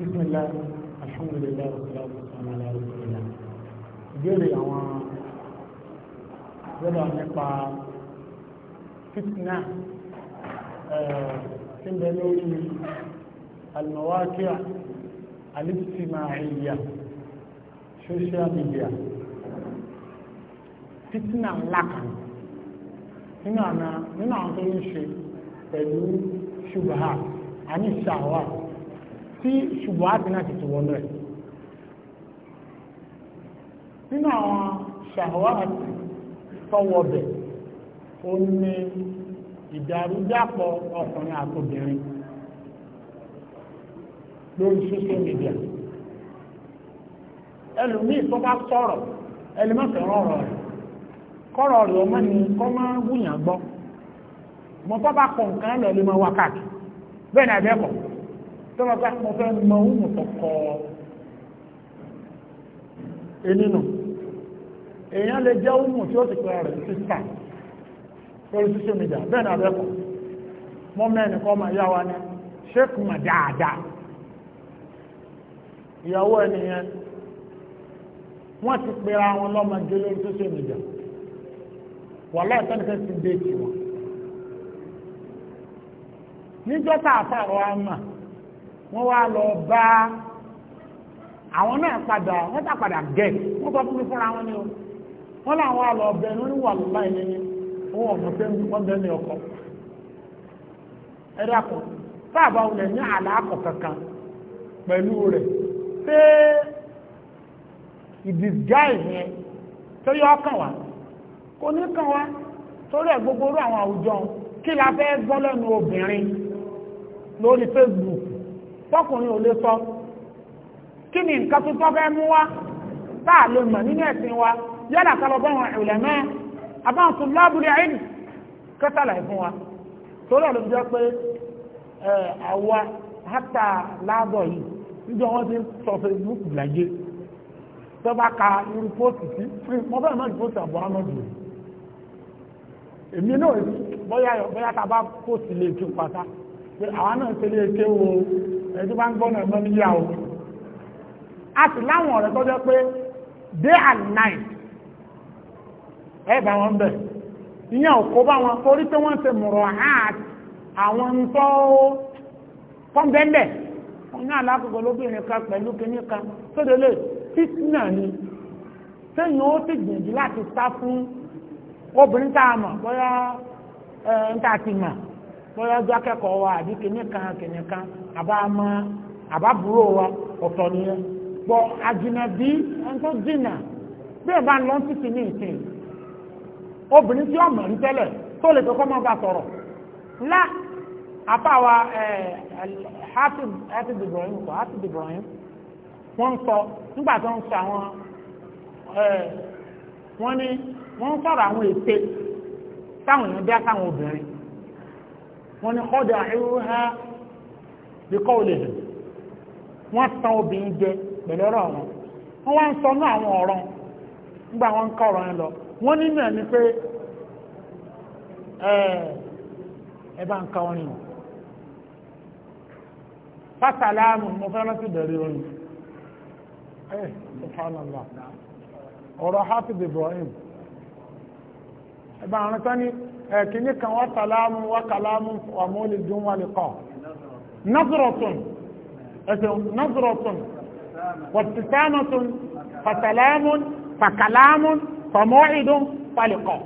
[SPEAKER 1] بسم الله الحمد لله والصلاة والسلام على الله ìbéèrè àwọn ìbéèrè nípa fitna eh, tí
[SPEAKER 3] ń bẹ lórí almawaqi' al-ijtima'iyya social media fitna ńlá kan nínú àwọn tó ń ṣe pẹ̀lú ṣubha àní ṣàwà tí ṣùgbọ́n àti náà ti ti wọ́n rẹ̀ nínú àwọn ṣàwọ́ àti tọwọ́ bẹ̀ ó ní ìdàrúdàpọ̀ ọkùnrin àtòbìnrin lórí social media ẹlòmíì tó bá sọ̀rọ̀ ẹlòmọ́sẹ̀ rọrọ̀ rẹ̀ kọ́rọ̀ rẹ̀ ọmọ ni kọ́ máa wúyàn gbọ́ mọ́ tó bá kọ̀ nǹkan lọ lè máa wákàtí bẹ́ẹ̀ ni àbẹ́kọ̀ọ́ tọ́lá bá mo fẹ́ mọ ohun kọ̀kọ́ enínú èèyàn lè jẹ́ ohun tí ó ti pẹ́ rẹ̀ sísà lórí social media bẹ́ẹ̀ ni abẹ́kọ̀ mọ́ mẹ́rin kọ́ máa yá wa ní ṣékù mà dáadáa ìyàwó ẹnìyẹn wọ́n ti pera wọn lọ́mọdé lórí social media wà láìpẹ́nìkan ti déètì wọn níjọ́ tá a fà rọ àmà wọ́n wá lọ bá àwọn náà padà wọ́n tà padà gẹ̀ wọ́n bọ́ fún fúnra wọn ni o wọ́n làwọn àlọ́ ọbẹ̀ lórí wà lọ́la ẹni ni wọ́n wọ̀ mọ̀ pé wọ́n bẹ̀ ní ọkọ̀ ẹ̀rí àpò sáàbà wọlé ní àlàákọ̀ kankan pẹ̀lú rẹ̀ pé ìdìgáì yẹn tó yọ ọkàn wá kò ní kàn wá torí ẹ̀ gbogbo orú àwọn àwùjọ kí la fẹ́ gbọ́ lẹ́nu obìnrin lórí Facebook tọkùnrin ò lè sọ kí ni nǹkan tuntun fẹ́ mú wá tá a lè mọ̀ nínú ẹ̀sìn wa yálà ká lọ bá wọn ìlẹ̀mẹ́ àbáwọn tó lábúlé àìní kẹtàlá ìfún wa torí ẹ̀ ló jẹ́ pé àwa hátà láàbọ̀ yìí níjọ wọn ti sọ facebook gbàgé tó bá ka irú póòtù sí mo fẹ́ mọ́ ìpóòtù àbọ̀ amadu èmi náà bóyá bóyá ta bá póòtù lè tún pátá pé àwa náà ti lè ké wo ẹ̀tí bá ń gbọ́nà ẹ̀mọ́ ní yàwó a sì láwọn ọ̀rẹ́ tó jẹ́ pé day and night ẹ bá wọn bẹ̀ ìyẹn ò kó bá wọn torí pé wọ́n ṣe mọ̀rọ̀ hard àwọn tó pọ́ńbẹ́ńbẹ́ wọn ní alákòókò lóbìnrin kan pẹ̀lú kínní kan tó délé fitna ni sẹ́yìn ó ti gbìyànjú láti sá fún obìnrin tá a mọ̀ bóyá ń tà ti mọ̀ tọ́yájú akẹ́kọ̀ọ́ wa àbí kìnìkan kìnìkan àbámọ́ àbábúrò wa ọ̀tọ̀ nìyẹn pọ̀ àjìnàbí ẹni tó jìnà bí ẹ̀ bá ń lọ títí ní ìsìn obìnrin tí ọmọ ń tẹ́lẹ̀ tó lè kọ́kọ́ máa bá sọ̀rọ̀ ńlá àbáwa hafi ibrahim kọ hafi ibrahim wọ́n sọ nígbà tó ń sọ àwọn wọ́n ní wọ́n sọ̀rọ̀ àwọn ète táwọn èèyàn bí á sáwọn obìnrin wọ́n ní kọ́dà ìrúhá bíkọ́ olè hàn wọ́n san obìnrin jẹ pẹ̀lú ọ̀rọ̀ wọn wọ́n wá ń sọ àwọn ọ̀rọ̀ nígbà wọn ń yẹn lọ wọ́n nínú ni pé ẹ bá ń ka orin fásàlámù mo fẹ́ rántí bẹ̀rẹ̀ orin ẹ ọ̀rọ̀ ibrahim ẹ kìíní kan wá kàlámù wá kàlámù wà mọ́lì dùn wà lìkọ́ nazarotun ẹ̀sẹ̀ nazarotun wàtìsámọ̀tun fàtàlámùn fàkàlámùn fàmọ́ìdùn fàlìkọ́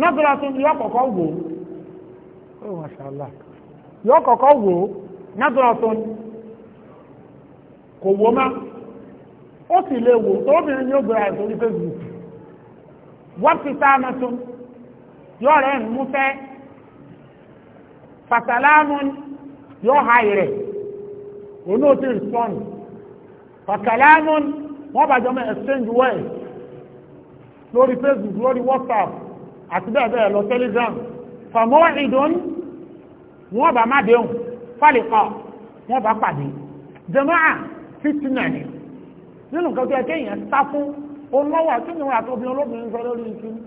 [SPEAKER 3] nazarotun yóò kọ̀kọ́ wò ó oh, maṣàlá yóò kọ̀kọ́ wò ó nazarotun kò wò má ó sì lè wò tóbi ní yóò gbé àìsàn orí facebook wàtìsámọ̀tun yọ rẹ̀ ń mú fẹ́ fàtàlánú yọ ha rẹ̀ òun náà ti respond fàtàlánú wọ́n bá jọ mọ́ exchange word lórí facebook lórí whatsapp àti bẹ́ẹ̀ bẹ́ẹ̀ lọ telegram fàmọ́ ìdún wọ́n bá má déhùn fàlìkọ́ wọ́n bá pàdé jẹmọ́à fìtínà ni nínú nǹkan tó yẹ kéèyàn sá fún olówó àti ìwọ̀n àti obìnrin olóbìnrin sọ lórí ìsinmi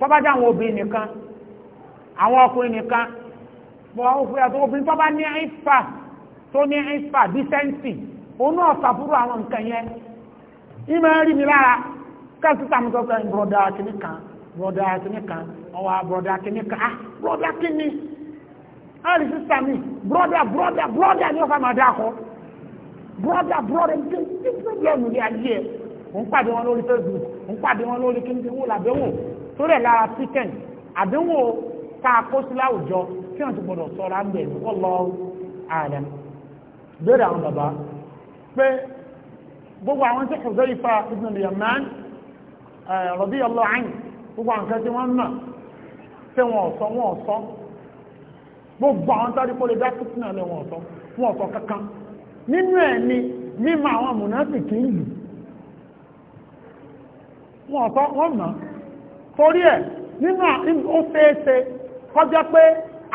[SPEAKER 3] tọ́ba jẹ́ àwọn obìnrin nìkan àwọn ọkùnrin nìkan mọ̀ òfin àti obìnrin tọ́ba ní ìfà tó ní ìfà dísẹ́ǹsì òun náà sàfúrú àwọn nǹkan yẹn ìmọ̀ rí mi lára kẹ́sì sàmùtọ́ sẹ́yìn bọ̀dà kìíní kan bọ̀dà kìíní kan ọwọ́ bọ̀dà kìíní kan ah bọ̀dà kìíní ẹ̀rì sísà mi bọ̀dà bọ̀dà bọ̀dà ni ó fà máa dá kọ́ bọ̀dà bọ̀dà ní kí ní pírọ̀blẹ́mù ní ayé ẹ̀ ń pàdé wọn lórí Facebook ń pàdé wọn lórí kí ní wò làbẹ́wò torí pikin lára síkẹ̀ǹ kó láwùjọ kí wọ́n ti gbọ́dọ̀ sọ̀rọ̀ àgbẹ̀ lọ́lọ́ gbogbo àwọn tí kò sẹ́yìn fa ibùdó lè yàn rọ̀bí ọlọ́ àyìn gbogbo àwọn kan wọ́n mọ̀ tí wọ́n ọ̀sọ́ wọ́n ọ̀sọ́ gbogbo àwọn tó lè dá náà wọ́n ọ̀sọ́ wọ́n ọ̀sọ́ kankan nínú ẹ̀ torí ẹ̀ nínú ó fẹ́ẹ́sẹ́ kọjá pé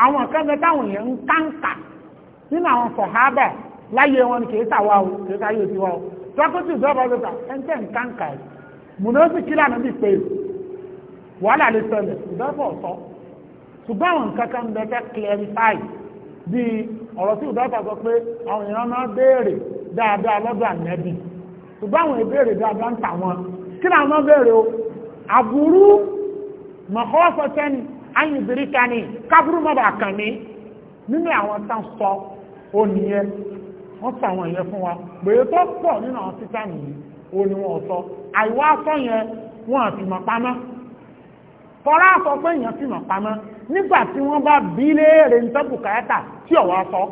[SPEAKER 3] àwọn kẹ́mẹ́ táwọn èèyàn ń káńkà nínú àwọn sọ̀hábà láyé wọn ni kìí sàwà o kìí sáyé ti wá o ìjọba ọ̀dọ́ta ẹ̀ńtẹ́ ń káńkà ẹ̀ mùnọ́sì kílà níbi pé wàhálà lè ìdọ́fọ̀ ṣùgbọ́n àwọn nǹkan kan bẹ fẹ́ clarify bí ọ̀rọ̀ ìdọ́fọ̀ sọ pé àwọn èèyàn béèrè dáadáa lọ́dọ̀ ṣùgbọ́n àwọn ìbéèrè dáadáa ń tà wọn kí aburú mọ̀kọ́fọ́sẹ́ni ayùbíríkà ni kábúrú mọ́bà kàn mí nínú àwọn tán sọ ó nìyẹn wọ́n sọ àwọn ìyẹn fún wa gbèrè tó pọ̀ nínú àwọn títà nìyí ó ní wọ́n sọ àìwá sọ yẹn wọ́n àfìmọ̀ pamọ́ fọ́rá sọ pé èèyàn fìmọ̀ pamọ́ nígbà tí wọ́n bá bí léèrè ń tẹ́bù káyátà tí ọ̀wá sọ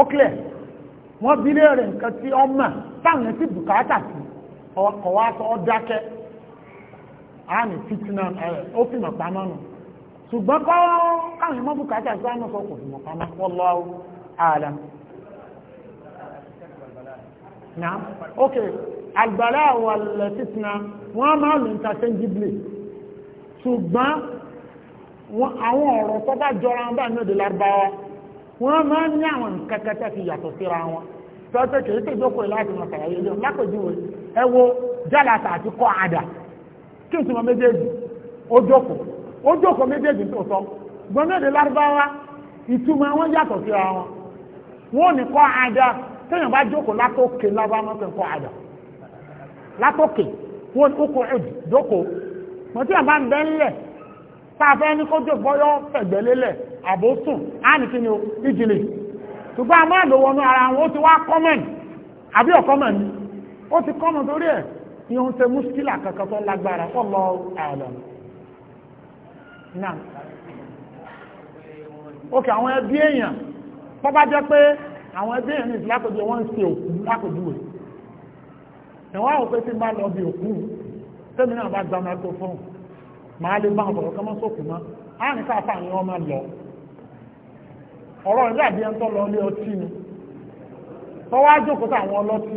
[SPEAKER 3] ó kílẹ̀ wọ́n bí léèrè nǹkan tí ọmọ táwọn ti bùkátà sí ọkọ̀ wá sọ ọ́ dákẹ́ a ní fitina ẹ̀ ó fi mọ̀ pamọ́ nù ṣùgbọ́n kọ́ káwọn ìmọ̀ bùkátà sí àánú sọ kò fi mọ̀ pamọ́ wallahu a'lam.
[SPEAKER 2] Naam, okay,
[SPEAKER 3] àgbàlá wal fitna wọ́n máa lò interchangeably ṣùgbọ́n àwọn ọ̀rọ̀ tó jọra wọn bá ní òde lárúbáwá wọ́n máa ní àwọn nǹkan fi yàtọ̀ síra wọn tọ́tọ́ kìí tèjókòó láti mọ̀ sàlàyé lọ lápèjúwe ẹ jálàtà àti kọ́ àdà kí o sì méjèèjì ó jókòó ó jókòó méjèèjì tó sọ gbọ́mọdé lárúbáwá ìtumọ̀ wọn yàtọ̀ síra wọn wọn ò ní téèyàn bá jókòó látòkè lárúbáwá máa ń látòkè wọn ò èdè jókòó àbá ń tá a ní kó sùn á ní wọn ní oun tẹ múṣkílà kankan tó lágbára pọ̀lọ́ ààlọ́m náà ok àwọn ẹbí èèyàn tó bá jẹ́ pé àwọn ẹbí èèyàn ní ìsìlápẹ̀jọ wọ́n ń ṣe òkú lápẹ̀júwẹ̀ ẹ̀wọ́n àwọn pé tí bá lọ bí òkú tẹ́mi náà bá gba microphone máa lè bá ọ̀rọ̀ kan mọ́ sókù mọ́ á ní káfà ni wọ́n máa lọ ọ̀rọ̀ ìdí àbí ẹni tó lọ ilé ọtí ni tọ́wọ́ á jókòó táwọn ọlọ́tí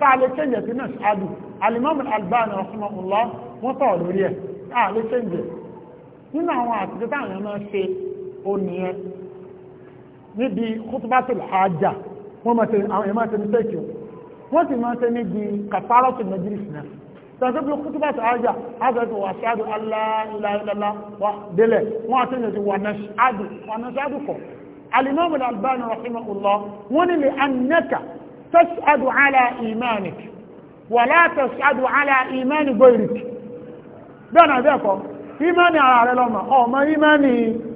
[SPEAKER 3] tá a lè change sí náà ṣáàdù alimọ́mù albani rahimahullah wọ́n tọ̀ lórí ẹ̀ tá a lè change nínú àwọn àtijọ́ táwọn ọmọ ṣe ó nìyẹn níbi khutbatul hajj wọ́n máa tẹ̀lé àwọn ẹ̀mọ́ tẹ̀lé tẹ̀kì wọ́n sì máa tẹ̀lé di kàfárọ́tù nàìjíríà náà tẹ̀sán bí khutbatul hajj azẹ́tù wà ṣáàdù aláìláìlá wà délẹ̀ wọ́n á tẹ̀lé wà náà تشهد على إيمانك ولا تشهد على إيمان غيرك بنا ذاك إيماني على العلماء أو ما إيماني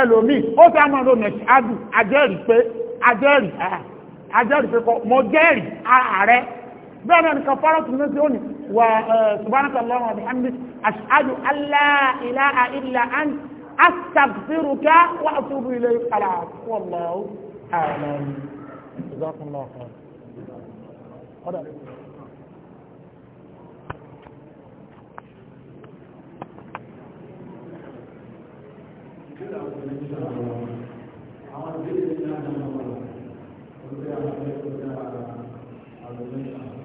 [SPEAKER 3] ẹlòmíì ó ti àmọ́ ọdún nẹ̀ṣáàdù àjẹ́rìí pé àjẹ́rìí àjẹ́rìí pé kọ́ mọ jẹ́rìí ààrẹ bẹ́ẹ̀ náà nìkan fọ́nrán tún lóṣù òní wà ṣùgbọ́nàkà lọ́wọ́ àti hamdi ashhadu alla ilaha illa an astaghfiruka wa atubu ilayk padà wọ́n lọ́wọ́ ààrẹ
[SPEAKER 1] lọ́wọ́ ọ̀dà Àwọn ìdílé ní àjọ ọmọ ọ̀rọ̀, ó gbé àwọn ẹgbẹ́ tó dára àwọn ìdílé náà.